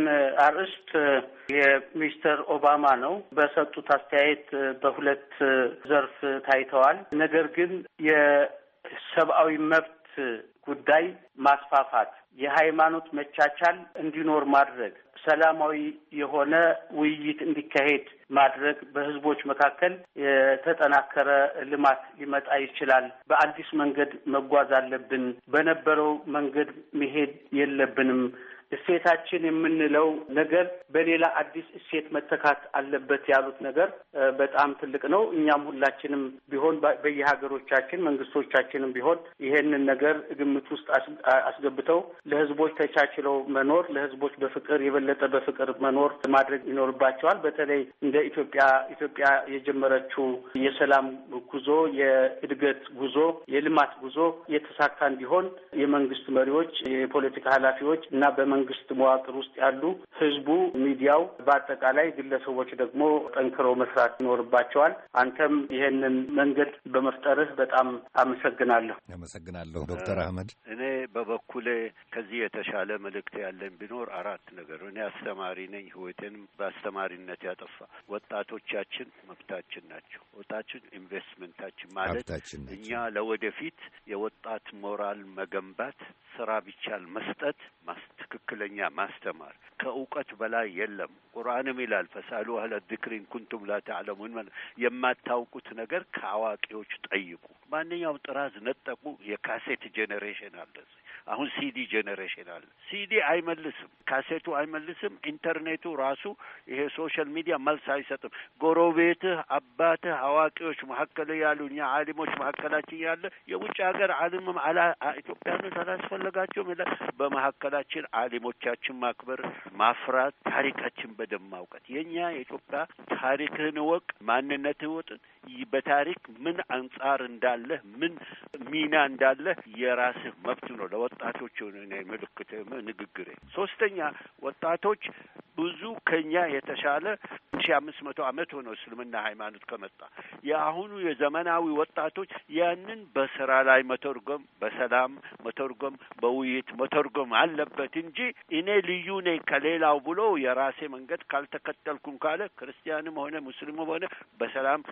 አርዕስት የሚስተር ኦባማ ነው። በሰጡት አስተያየት በሁለት ዘርፍ ታይተዋል። ነገር ግን የሰብአዊ መብት ጉዳይ ማስፋፋት፣ የሃይማኖት መቻቻል እንዲኖር ማድረግ፣ ሰላማዊ የሆነ ውይይት እንዲካሄድ ማድረግ በህዝቦች መካከል የተጠናከረ ልማት ሊመጣ ይችላል። በአዲስ መንገድ መጓዝ አለብን። በነበረው መንገድ መሄድ የለብንም እሴታችን የምንለው ነገር በሌላ አዲስ እሴት መተካት አለበት ያሉት ነገር በጣም ትልቅ ነው። እኛም ሁላችንም ቢሆን በየሀገሮቻችን መንግስቶቻችንም ቢሆን ይሄንን ነገር ግምት ውስጥ አስገብተው ለህዝቦች ተቻችለው መኖር፣ ለህዝቦች በፍቅር የበለጠ በፍቅር መኖር ማድረግ ይኖርባቸዋል። በተለይ እንደ ኢትዮጵያ ኢትዮጵያ የጀመረችው የሰላም ጉዞ፣ የእድገት ጉዞ፣ የልማት ጉዞ የተሳካ እንዲሆን የመንግስት መሪዎች፣ የፖለቲካ ኃላፊዎች እና በመ መንግስት መዋቅር ውስጥ ያሉ ህዝቡ፣ ሚዲያው፣ በአጠቃላይ ግለሰቦች ደግሞ ጠንክሮ መስራት ይኖርባቸዋል። አንተም ይሄንን መንገድ በመፍጠርህ በጣም አመሰግናለሁ። አመሰግናለሁ ዶክተር አህመድ። እኔ በበኩሌ ከዚህ የተሻለ መልእክት ያለን ቢኖር አራት ነገር እኔ አስተማሪ ነኝ። ህይወቴንም በአስተማሪነት ያጠፋ ወጣቶቻችን መብታችን ናቸው። ወጣችን ኢንቨስትመንታችን ማለት እኛ ለወደፊት የወጣት ሞራል መገንባት ስራ ቢቻል መስጠት ማስትክክ ትክክለኛ ማስተማር ከእውቀት በላይ የለም። ቁርአንም ይላል ፈሳሉ አህለ ዚክሪን ኩንቱም ላተዕለሙን፣ ማለ የማታውቁት ነገር ከአዋቂዎች ጠይቁ። ማንኛውም ጥራዝ ነጠቁ የካሴት ጄኔሬሽን አለ። አሁን ሲዲ ጄኔሬሽን አለ። ሲዲ አይመልስም፣ ካሴቱ አይመልስም። ኢንተርኔቱ ራሱ ይሄ ሶሻል ሚዲያ መልስ አይሰጥም። ጎረቤትህ፣ አባትህ፣ አዋቂዎች መካከል ያሉ እኛ አሊሞች መካከላችን ያለ የውጭ ሀገር አሊምም ኢትዮጵያኖች አላስፈለጋቸውም ይላል በመካከላችን አሊ ሙስሊሞቻችን ማክበር፣ ማፍራት፣ ታሪካችን በደንብ ማውቀት የእኛ የኢትዮጵያ ታሪክህን እወቅ፣ ማንነትህን እወጥ፣ በታሪክ ምን አንጻር እንዳለህ ምን ሚና እንዳለህ የራስህ መብት ነው። ለወጣቶች ምልክት ንግግሬ። ሶስተኛ ወጣቶች ብዙ ከኛ የተሻለ ሺ አምስት መቶ አመት ሆነ እስልምና ሃይማኖት ከመጣ የአሁኑ የዘመናዊ ወጣቶች ያንን በስራ ላይ መተርጎም፣ በሰላም መተርጎም፣ በውይይት መተርጎም አለበት እንጂ እኔ ልዩ ነኝ ከሌላው ብሎ የራሴ መንገድ ካልተከተልኩም ካለ ክርስቲያንም ሆነ ሙስሊምም ሆነ በሰላም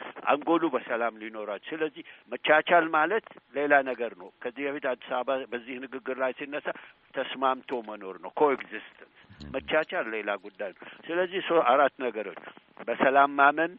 ጎሉ በሰላም ሊኖራቸው ስለዚህ መቻቻል ማለት ሌላ ነገር ነው። ከዚህ በፊት አዲስ አበባ በዚህ ንግግር ላይ ሲነሳ ተስማምቶ መኖር ነው ኮኤግዚስተንስ መቻቻል ሌላ ጉዳይ ነው። ስለዚህ ሰው አራት ነገሮች በሰላም ማመን፣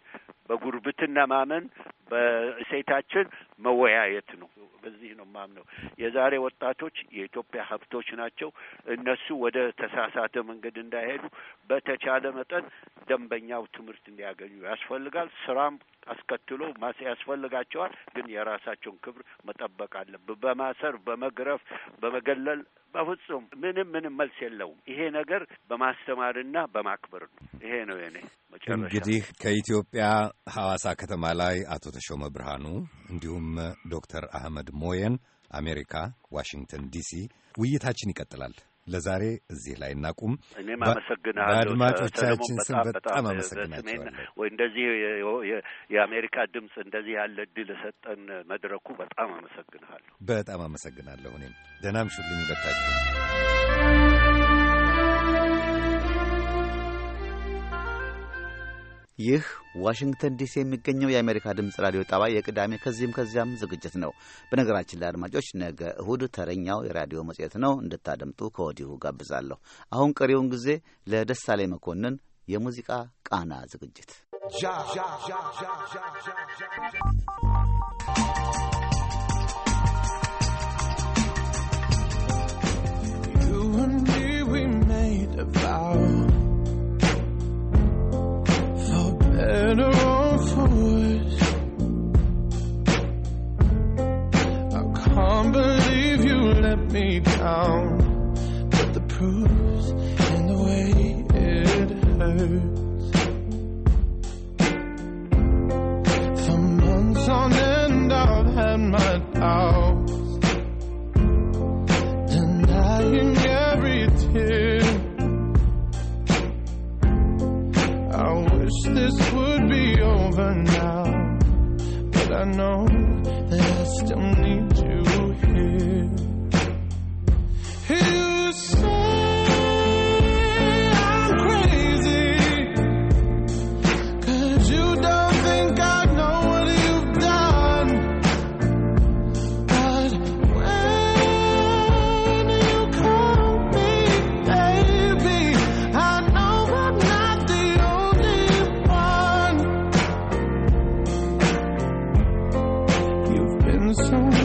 በጉርብትና ማመን፣ በእሴታችን መወያየት ነው። በዚህ ነው ማምነው። የዛሬ ወጣቶች የኢትዮጵያ ሀብቶች ናቸው። እነሱ ወደ ተሳሳተ መንገድ እንዳይሄዱ በተቻለ መጠን ደንበኛው ትምህርት እንዲያገኙ ያስፈልጋል። ስራም አስከትሎ ማስ ያስፈልጋቸዋል። ግን የራሳቸውን ክብር መጠበቅ አለብን። በማሰር በመግረፍ በመገለል በፍጹም ምንም ምንም መልስ የለውም። ይሄ ነገር በማስተማርና በማክበር ነው። ይሄ ነው የኔ መጨረሻ። እንግዲህ ከኢትዮጵያ ሐዋሳ ከተማ ላይ አቶ ተሾመ ብርሃኑ እንዲሁም ዶክተር አህመድ ሞየን አሜሪካ ዋሽንግተን ዲሲ ውይይታችን ይቀጥላል። ለዛሬ እዚህ ላይ እናቁም። እኔም አመሰግናለሁ። አድማጮቻችን ስም በጣም አመሰግናቸዋለሁ። ወይ እንደዚህ የአሜሪካ ድምፅ እንደዚህ ያለ እድል ሰጠን መድረኩ በጣም አመሰግናለሁ። በጣም አመሰግናለሁ። እኔም ደህና ምሽልኝ። በታችሁ ይህ ዋሽንግተን ዲሲ የሚገኘው የአሜሪካ ድምፅ ራዲዮ ጣቢያ የቅዳሜ ከዚህም ከዚያም ዝግጅት ነው። በነገራችን ላይ አድማጮች፣ ነገ እሁድ ተረኛው የራዲዮ መጽሔት ነው። እንድታደምጡ ከወዲሁ ጋብዛለሁ። አሁን ቀሪውን ጊዜ ላይ መኮንን የሙዚቃ ቃና ዝግጅት You and me, we made a vow better run forward. I can't believe you let me down, but the proof's in the way it hurts. For months on end, I've had my doubts. wish this would be over now, but I know that I still need you here. You say. consume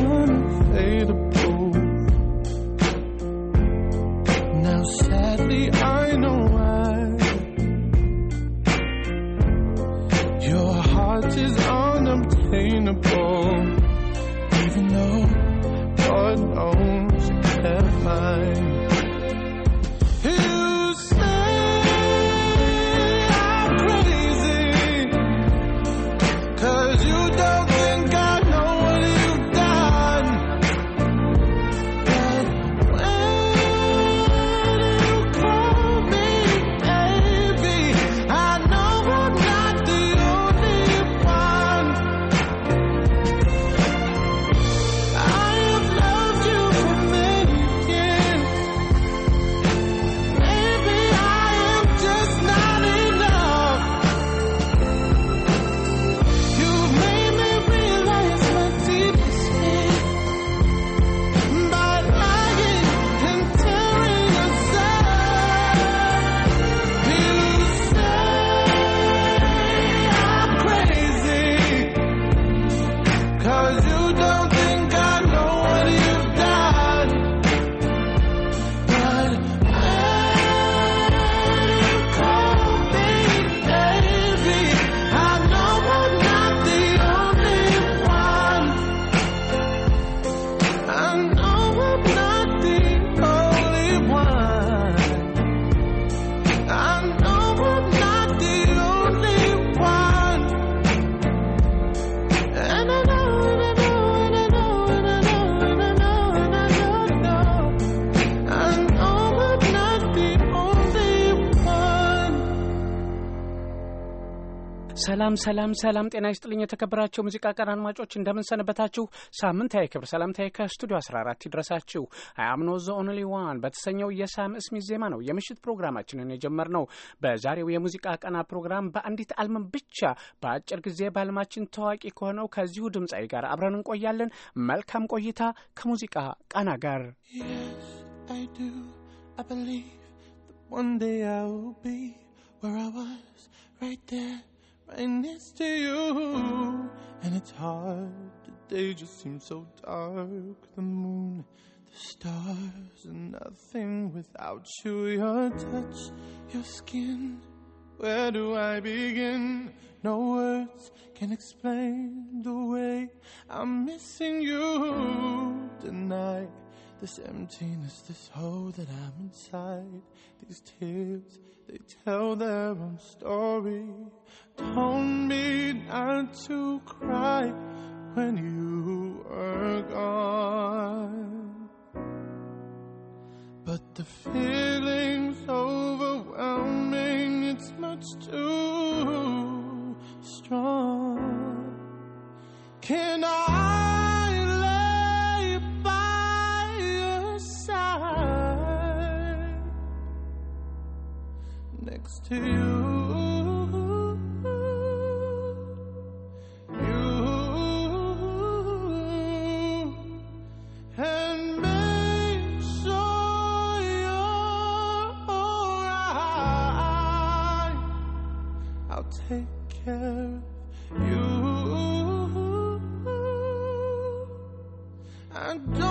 ሰላም ሰላም ሰላም፣ ጤና ይስጥልኝ የተከበራቸው ሙዚቃ ቀን አድማጮች እንደምንሰንበታችሁ ሳምንታዊ ክብር ሰላምታዬ ከስቱዲዮ 14 ይድረሳችሁ። አያምኖ ዘ ኦንሊ ዋን በተሰኘው የሳም ዜማ ነው የምሽት ፕሮግራማችንን የጀመርነው። በዛሬው የሙዚቃ ቀና ፕሮግራም በአንዲት አልበም ብቻ በአጭር ጊዜ በአለማችን ታዋቂ ከሆነው ከዚሁ ድምፃዊ ጋር አብረን እንቆያለን። መልካም ቆይታ ከሙዚቃ ቀና ጋር One day I will be where I was, right there right next to you. And it's hard, the day just seems so dark. The moon, the stars, and nothing without you. Your touch, your skin. Where do I begin? No words can explain the way I'm missing you tonight. This emptiness, this hole that I'm inside. These tears, they tell their own story. Told me not to cry when you were gone. But the feeling's overwhelming, it's much too strong. Can I? to you. You and make sure you're alright. I'll take care of you. I don't.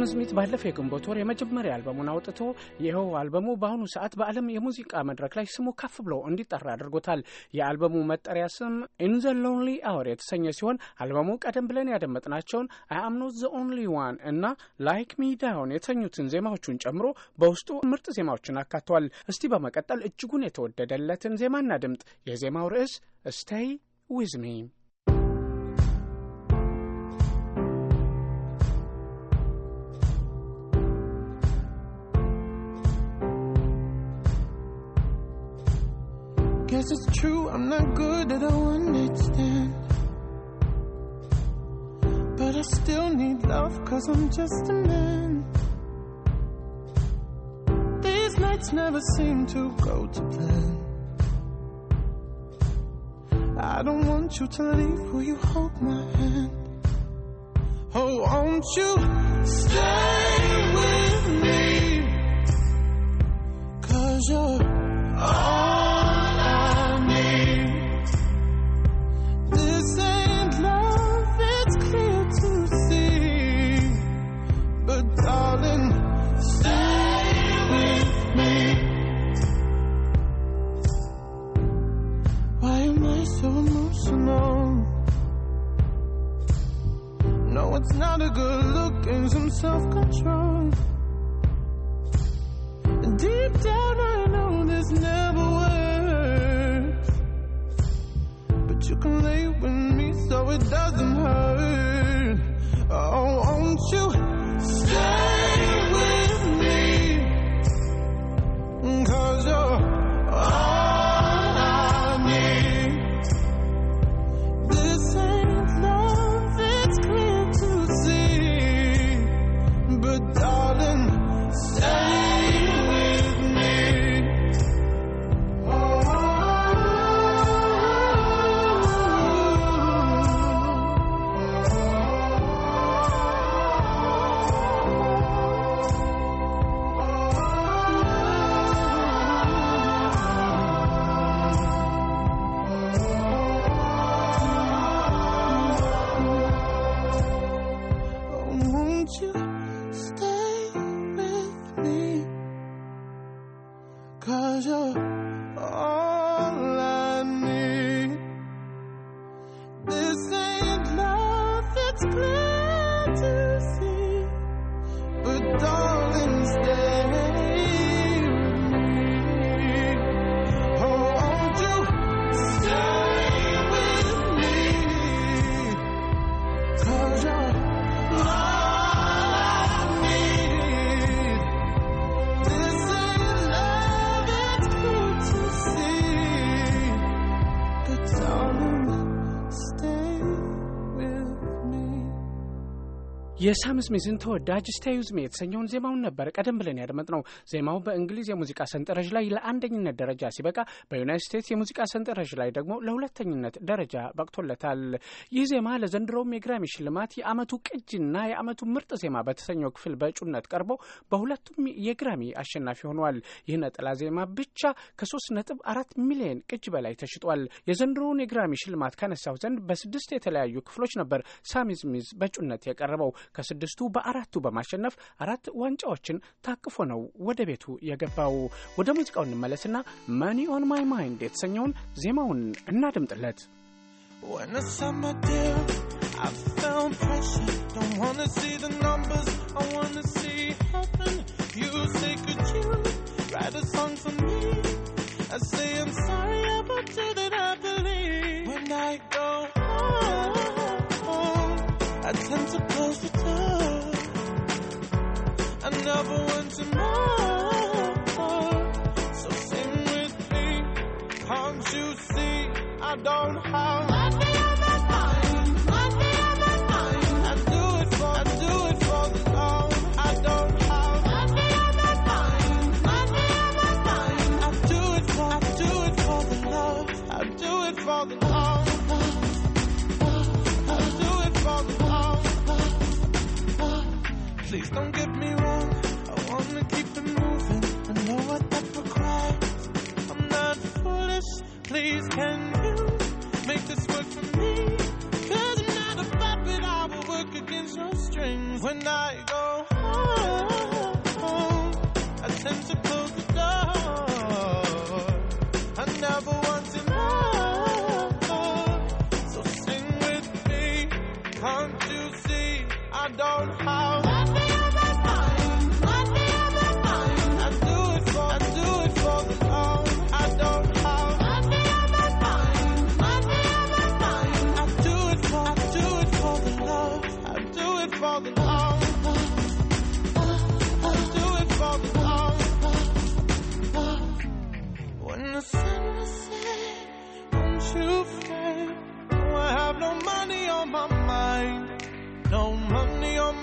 ጆን ስሚት ባለፈ የግንቦት ወር የመጀመሪያ አልበሙን አውጥቶ ይኸው አልበሙ በአሁኑ ሰዓት በዓለም የሙዚቃ መድረክ ላይ ስሙ ከፍ ብሎ እንዲጠራ አድርጎታል። የአልበሙ መጠሪያ ስም ኢን ዘ ሎንሊ አወር የተሰኘ ሲሆን አልበሙ ቀደም ብለን ያደመጥናቸውን አይ አም ኖት ዘ ኦንሊ ዋን እና ላይክ ሚ ዳውን የተሰኙትን ዜማዎቹን ጨምሮ በውስጡ ምርጥ ዜማዎችን አካቷል። እስቲ በመቀጠል እጅጉን የተወደደለትን ዜማ እናድምጥ። የዜማው ርዕስ ስቴይ ዊዝ ሚ guess it's true, I'm not good at all night But I still need love, cause I'm just a man. These nights never seem to go to plan. I don't want you to leave, will you hold my hand? Oh, won't you stay with me? Cause you're all. የሳም ስሚዝን ተወዳጅ ስቴይ የተሰኘውን ዜማውን ነበር ቀደም ብለን ያደመጥነው። ዜማው በእንግሊዝ የሙዚቃ ሰንጠረዥ ላይ ለአንደኝነት ደረጃ ሲበቃ በዩናይት ስቴትስ የሙዚቃ ሰንጠረዥ ላይ ደግሞ ለሁለተኝነት ደረጃ በቅቶለታል። ይህ ዜማ ለዘንድሮውም የግራሚ ሽልማት የዓመቱ ቅጂና የዓመቱ ምርጥ ዜማ በተሰኘው ክፍል በእጩነት ቀርቦ በሁለቱም የግራሚ አሸናፊ ሆኗል። ይህ ነጠላ ዜማ ብቻ ከሶስት ነጥብ አራት ሚሊዮን ቅጅ በላይ ተሽጧል። የዘንድሮውን የግራሚ ሽልማት ከነሳው ዘንድ በስድስት የተለያዩ ክፍሎች ነበር ሳሚዝሚዝ በጩነት በእጩነት የቀረበው። ከስድስቱ በአራቱ በማሸነፍ አራት ዋንጫዎችን ታቅፎ ነው ወደ ቤቱ የገባው። ወደ ሙዚቃው እንመለስና መኒ ኦን ማይ ማይንድ የተሰኘውን ዜማውን እናድምጥለት። I say I'm sorry, but did it have to When I go home. supposed to do? I never want to know. So sing with me, can't you see? I don't have. Please don't get me wrong. I wanna keep it moving. I know what that requires. I'm not foolish. Please can you make this work for me? Cause I'm not a puppet. I will work against your strings when I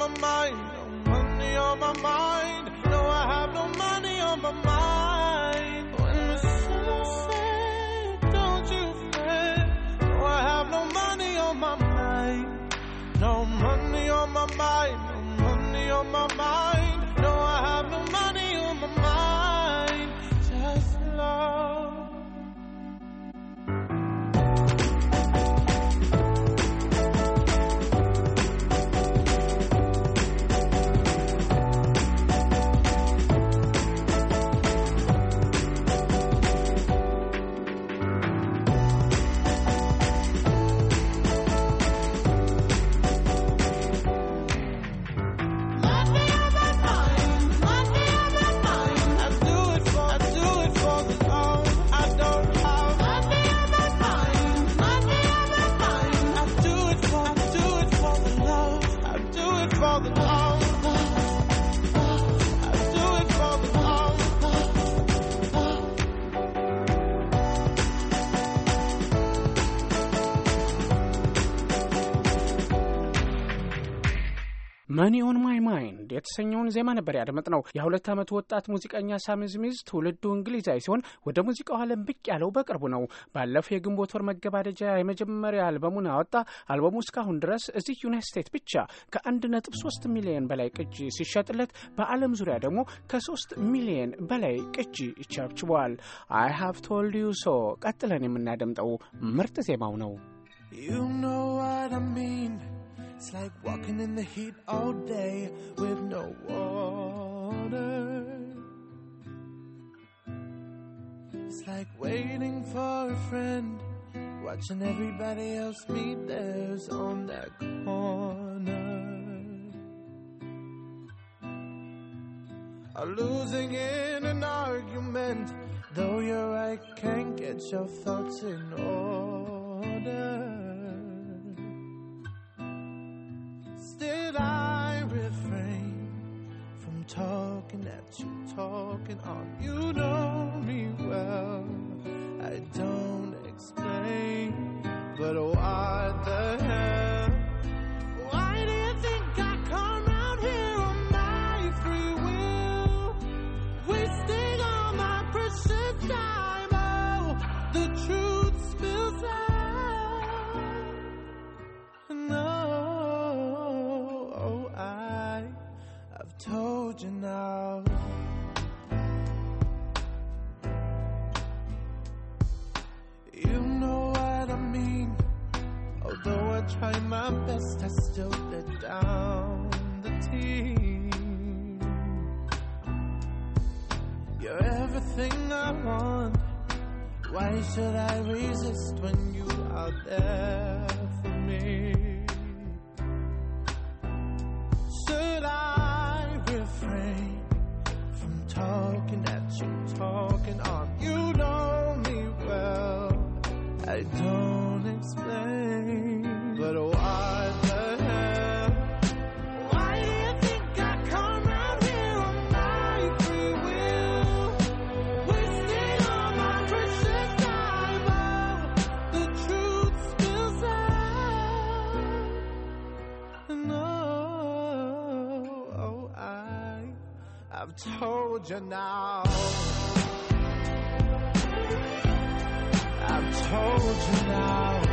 my mind, no money on my mind. No, I have no money on my mind. When the sun said, don't you fret. No, I have no money on my mind. No money on my mind, no money on my mind. መኒ ኦን ማይ ማይንድ የተሰኘውን ዜማ ነበር ያደመጥ ነው። የሁለት ዓመቱ ወጣት ሙዚቀኛ ሳምዝሚዝ ትውልዱ እንግሊዛዊ ሲሆን ወደ ሙዚቃው ዓለም ብቅ ያለው በቅርቡ ነው። ባለፈው የግንቦት ወር መገባደጃ የመጀመሪያ አልበሙን አወጣ። አልበሙ እስካሁን ድረስ እዚህ ዩናይት ስቴትስ ብቻ ከ1.3 ሚሊዮን በላይ ቅጂ ሲሸጥለት በዓለም ዙሪያ ደግሞ ከ3 ሚሊዮን በላይ ቅጂ ይቸብችበዋል። አይ ሃቭ ቶልድ ዩ ሶ ቀጥለን የምናደምጠው ምርጥ ዜማው ነው። You know what I mean It's like walking in the heat all day with no water. It's like waiting for a friend, watching everybody else meet theirs on that corner. Or losing in an argument, though you're right, can't get your thoughts in order. Did I refrain from talking at you, talking on. You know me well. I don't explain, but why the hell? Though I tried my best, I still let down the team. You're everything I want. Why should I resist when you are there for me? Should I refrain from talking at you, talking on? You know me well. I don't explain. told you now. I've told you now.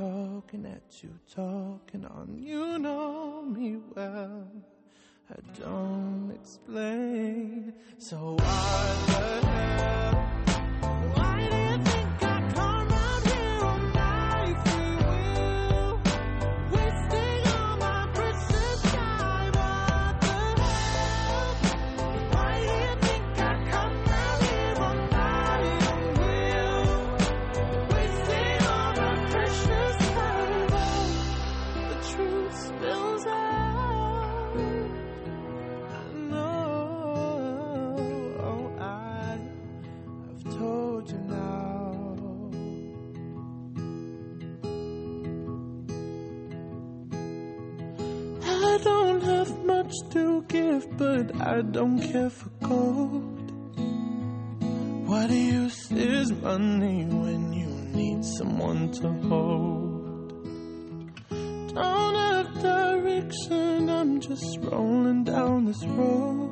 talking at you, talking on. You know me well. I don't explain, so why the hell? to give, but I don't care for gold. What use is money when you need someone to hold? Don't have direction, I'm just rolling down this road.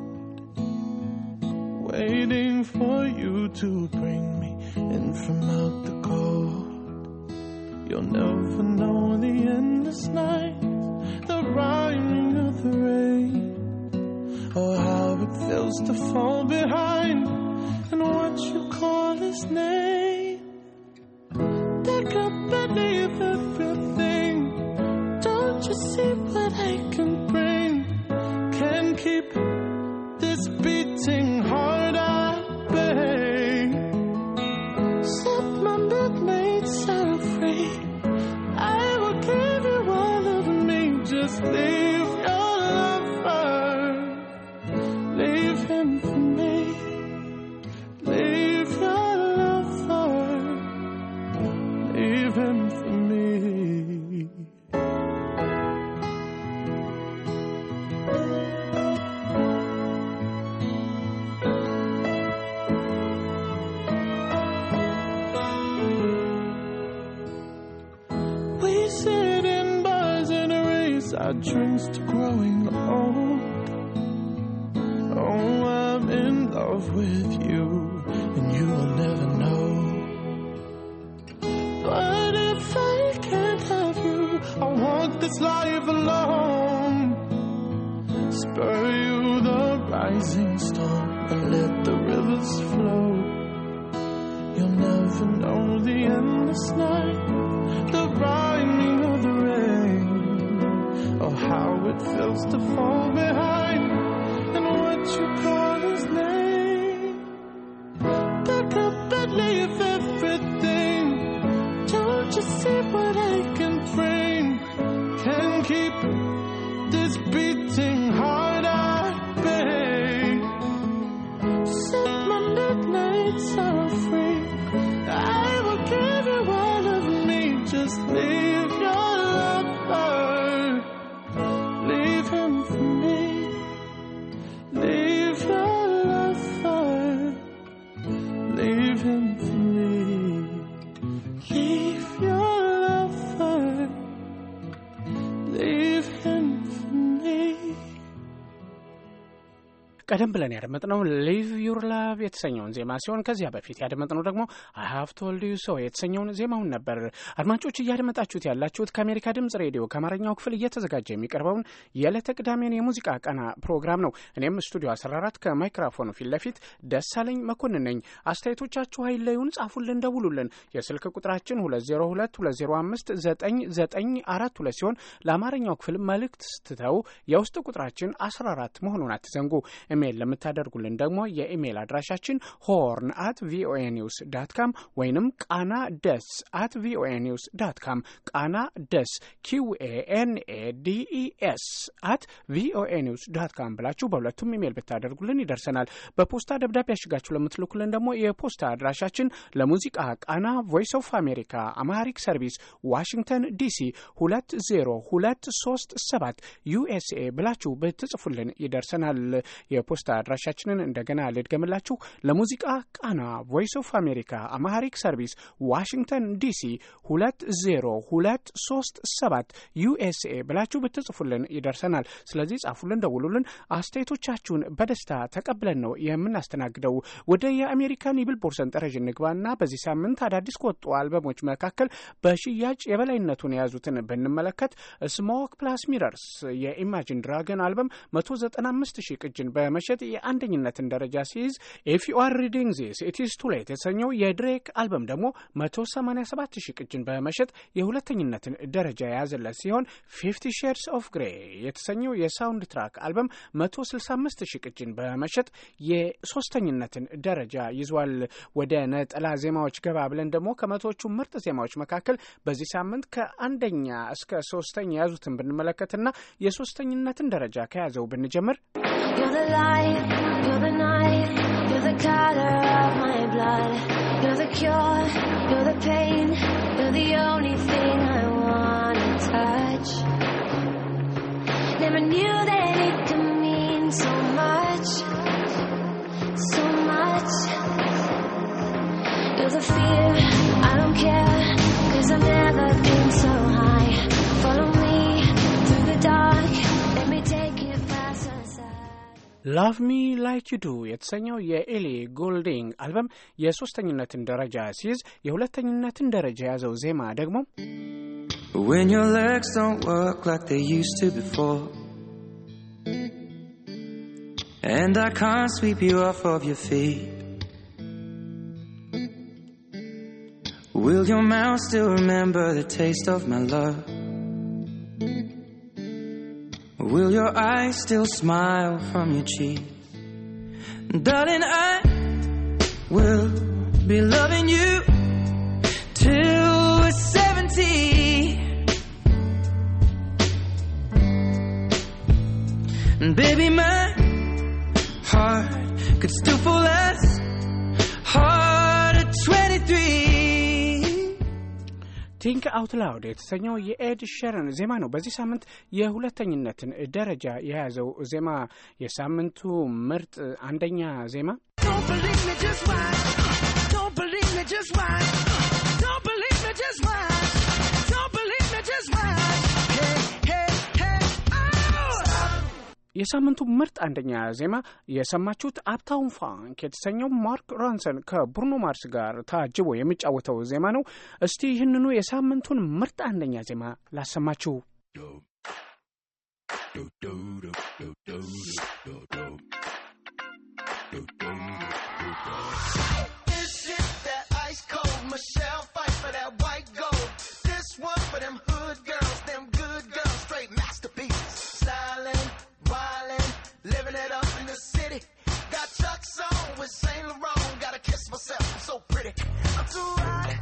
Waiting for you to bring me in from out the cold. You'll never know the end this night. to fall behind and what you call his name. this life alone. Spur you the rising storm and let the rivers flow. You'll never know the endless night, the rhyming of the rain, or how it feels to fall behind and what you call. ብለን ያደመጥነው ሊቭ ዩር ላቭ የተሰኘውን ዜማ ሲሆን ከዚያ በፊት ያደመጥነው ደግሞ አይ ሃቭ ቶልድ ዩ ሶ የተሰኘውን ዜማውን ነበር። አድማጮች እያደመጣችሁት ያላችሁት ከአሜሪካ ድምጽ ሬዲዮ ከአማርኛው ክፍል እየተዘጋጀ የሚቀርበውን የዕለተ ቅዳሜን የሙዚቃ ቀና ፕሮግራም ነው። እኔም ስቱዲዮ 14 ከማይክሮፎኑ ፊት ለፊት ደሳለኝ መኮንን ነኝ። አስተያየቶቻችሁ አይለዩን፣ ጻፉልን፣ ደውሉልን። የስልክ ቁጥራችን 202 ሲሆን ለአማርኛው ክፍል መልእክት ስትተው የውስጥ ቁጥራችን 14 መሆኑን አትዘንጉ። ኢሜይል እንደምታደርጉልን ደግሞ የኢሜይል አድራሻችን ሆርን አት ቪኦኤ ኒውስ ዳት ካም ወይንም ቃና ደስ አት ቪኦኤ ኒውስ ዳት ካም ቃና ደስ ኪኤንኤ ዲኢኤስ አት ቪኦኤ ኒውስ ዳት ካም ብላችሁ በሁለቱም ኢሜይል ብታደርጉልን ይደርሰናል። በፖስታ ደብዳቤ ያሽጋችሁ ለምትልኩልን ደግሞ የፖስታ አድራሻችን ለሙዚቃ ቃና ቮይስ ኦፍ አሜሪካ አማሪክ ሰርቪስ ዋሽንግተን ዲሲ ሰባት ዩኤስኤ ብላችሁ ብትጽፉልን ይደርሰናል። የፖስታ አድራሻችንን እንደገና ልድገምላችሁ። ለሙዚቃ ቃና ቮይስ ኦፍ አሜሪካ አማሃሪክ ሰርቪስ ዋሽንግተን ዲሲ 20237 ዩኤስኤ ብላችሁ ብትጽፉልን ይደርሰናል። ስለዚህ ጻፉልን፣ ደውሉልን። አስተያየቶቻችሁን በደስታ ተቀብለን ነው የምናስተናግደው። ወደ የአሜሪካን የቢልቦርድ ሰንጠረዥ እንግባና በዚህ ሳምንት አዳዲስ ከወጡ አልበሞች መካከል በሽያጭ የበላይነቱን የያዙትን ብንመለከት ስሞክ ፕላስ ሚረርስ የኢማጂን ድራገን አልበም 195 ሺህ ቅጅን በመሸጥ የአንደኝነትን ደረጃ ሲይዝ ኤፊዋር ሪዲንግ ዚስ ኢት ቱ የተሰኘው የድሬክ አልበም ደግሞ 187 ሺህ ቅጅን በመሸጥ የሁለተኝነትን ደረጃ የያዘለት ሲሆን ፊፍቲ ሼድስ ኦፍ ግሬ የተሰኘው የሳውንድ ትራክ አልበም 165 ሺህ ቅጅን በመሸጥ የሶስተኝነትን ደረጃ ይዟል። ወደ ነጠላ ዜማዎች ገባ ብለን ደግሞ ከመቶዎቹ ምርጥ ዜማዎች መካከል በዚህ ሳምንት ከአንደኛ እስከ ሶስተኛ የያዙትን ብንመለከትና የሶስተኝነትን ደረጃ ከያዘው ብንጀምር You're the night, you're the color of my blood. You're the cure, you're the pain, you're the only thing I wanna touch. Never knew that it could mean so much, so much. You're the fear, I don't care, cause I've never been. ላቭ ሚ ላይክ ዩ ዱ የተሰኘው የኤሊ ጎልዲንግ አልበም የሶስተኝነትን ደረጃ ሲይዝ የሁለተኝነትን ደረጃ የያዘው ዜማ ደግሞ When your legs don't work like they used to before And I can't sweep you off of your feet Will your mouth still remember the taste of my love? Will your eyes still smile from your cheek? Darling, I will be loving you till we're 70. And baby, my heart could still fall as ቲንክ አውት ላውድ የተሰኘው የኤድ ሸረን ዜማ ነው። በዚህ ሳምንት የሁለተኝነትን ደረጃ የያዘው ዜማ የሳምንቱ ምርጥ አንደኛ ዜማ የሳምንቱ ምርጥ አንደኛ ዜማ የሰማችሁት አፕታውን ፋንክ የተሰኘው ማርክ ራንሰን ከብሩኖ ማርስ ጋር ታጅቦ የሚጫወተው ዜማ ነው። እስቲ ይህንኑ የሳምንቱን ምርጥ አንደኛ ዜማ ላሰማችሁ። Chuck's on with Saint Laurent. Gotta kiss myself. I'm so pretty. I'm too hot.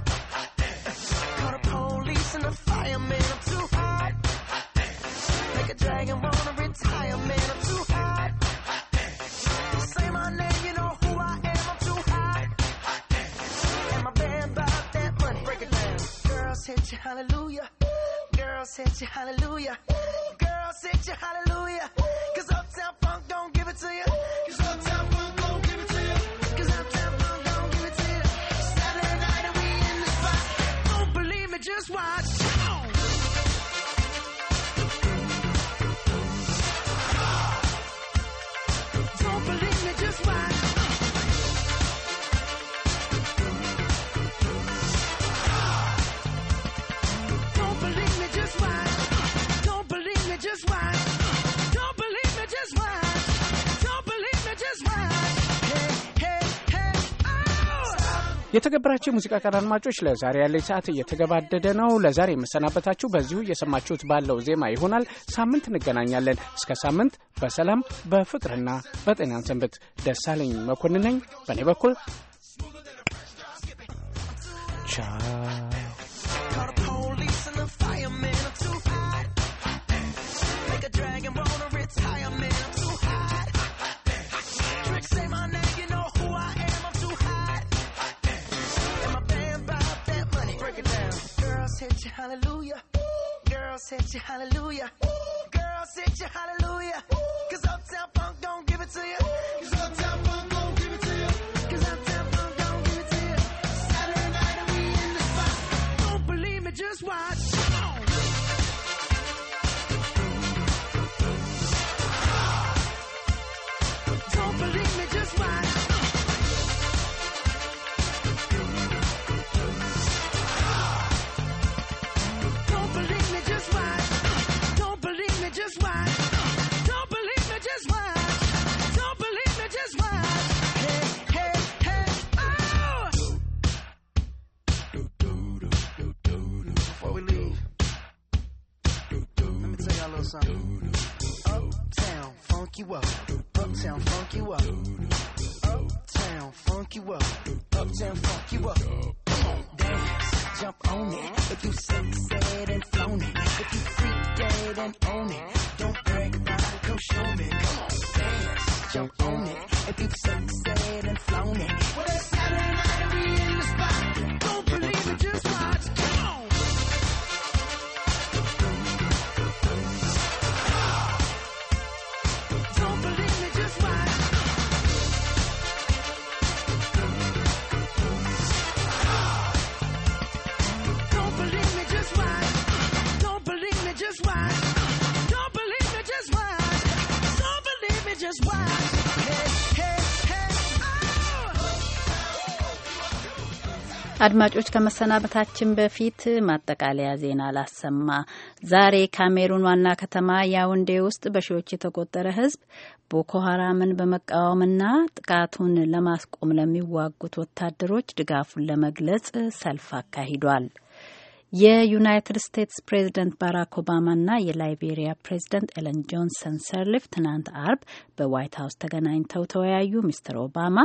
Call the police and the fireman. I'm too hot. Make a dragon wanna retire, man. I'm too hot. You say my name, you know who I am. I'm too hot. And my band bought that money. Break it down. Girls hit you, hallelujah. Girls hit you, hallelujah. Girls hit you, hallelujah. Cause Uptown Funk don't give it to you. የተገበራቸው የሙዚቃ ቀን አድማጮች፣ ለዛሬ ያለ ሰዓት እየተገባደደ ነው። ለዛሬ የምሰናበታችሁ በዚሁ እየሰማችሁት ባለው ዜማ ይሆናል። ሳምንት እንገናኛለን። እስከ ሳምንት በሰላም በፍቅርና በጤናን ሰንብት። ደሳለኝ መኮንን ነኝ በእኔ በኩል ቻ hallelujah. Girl, set you hallelujah. Girl, set you hallelujah. Cause Uptown Funk don't give it to you. Cause Uptown አድማጮች ከመሰናበታችን በፊት ማጠቃለያ ዜና ላሰማ። ዛሬ ካሜሩን ዋና ከተማ ያውንዴ ውስጥ በሺዎች የተቆጠረ ሕዝብ ቦኮ ሀራምን በመቃወምና ጥቃቱን ለማስቆም ለሚዋጉት ወታደሮች ድጋፉን ለመግለጽ ሰልፍ አካሂዷል። የዩናይትድ ስቴትስ ፕሬዝደንት ባራክ ኦባማና የላይቤሪያ ፕሬዝደንት ኤለን ጆንሰን ሰርሊፍ ትናንት አርብ በዋይት ሀውስ ተገናኝተው ተወያዩ። ሚስተር ኦባማ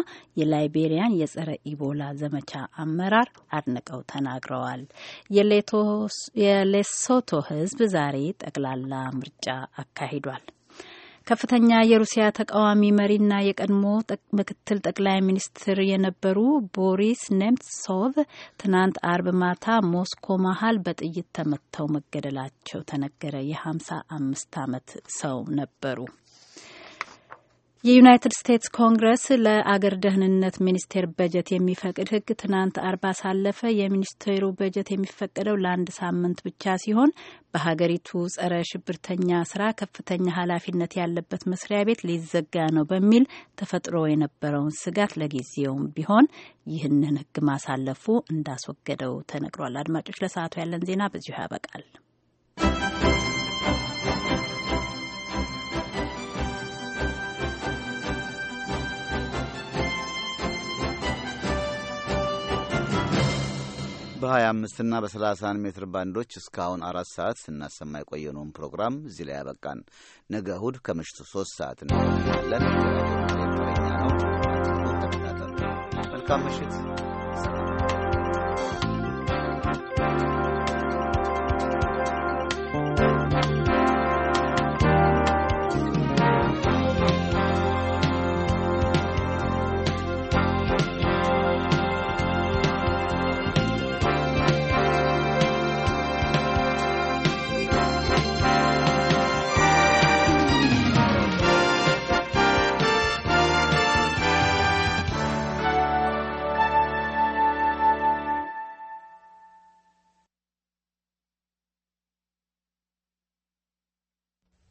የላይቤሪያን የጸረ ኢቦላ ዘመቻ አመራር አድንቀው ተናግረዋል። የሌሶቶ ሕዝብ ዛሬ ጠቅላላ ምርጫ አካሂዷል። ከፍተኛ የሩሲያ ተቃዋሚ መሪና የቀድሞ ምክትል ጠቅላይ ሚኒስትር የነበሩ ቦሪስ ኔምትሶቭ ትናንት አርብ ማታ ሞስኮ መሀል በጥይት ተመተው መገደላቸው ተነገረ። የሀምሳ አምስት አመት ሰው ነበሩ። የዩናይትድ ስቴትስ ኮንግረስ ለአገር ደህንነት ሚኒስቴር በጀት የሚፈቅድ ሕግ ትናንት አርብ አሳለፈ። የሚኒስቴሩ በጀት የሚፈቀደው ለአንድ ሳምንት ብቻ ሲሆን በሀገሪቱ ጸረ ሽብርተኛ ስራ ከፍተኛ ኃላፊነት ያለበት መስሪያ ቤት ሊዘጋ ነው በሚል ተፈጥሮ የነበረውን ስጋት ለጊዜውም ቢሆን ይህንን ሕግ ማሳለፉ እንዳስወገደው ተነግሯል። አድማጮች፣ ለሰዓቱ ያለን ዜና በዚሁ ያበቃል። በ25 እና በ 30 ሜትር ባንዶች እስካሁን አራት ሰዓት ስናሰማ የቆየነውን ፕሮግራም እዚህ ላይ ያበቃን። ነገ እሁድ ከምሽቱ ሶስት ሰዓት እንገናኛለን። መልካም ምሽት።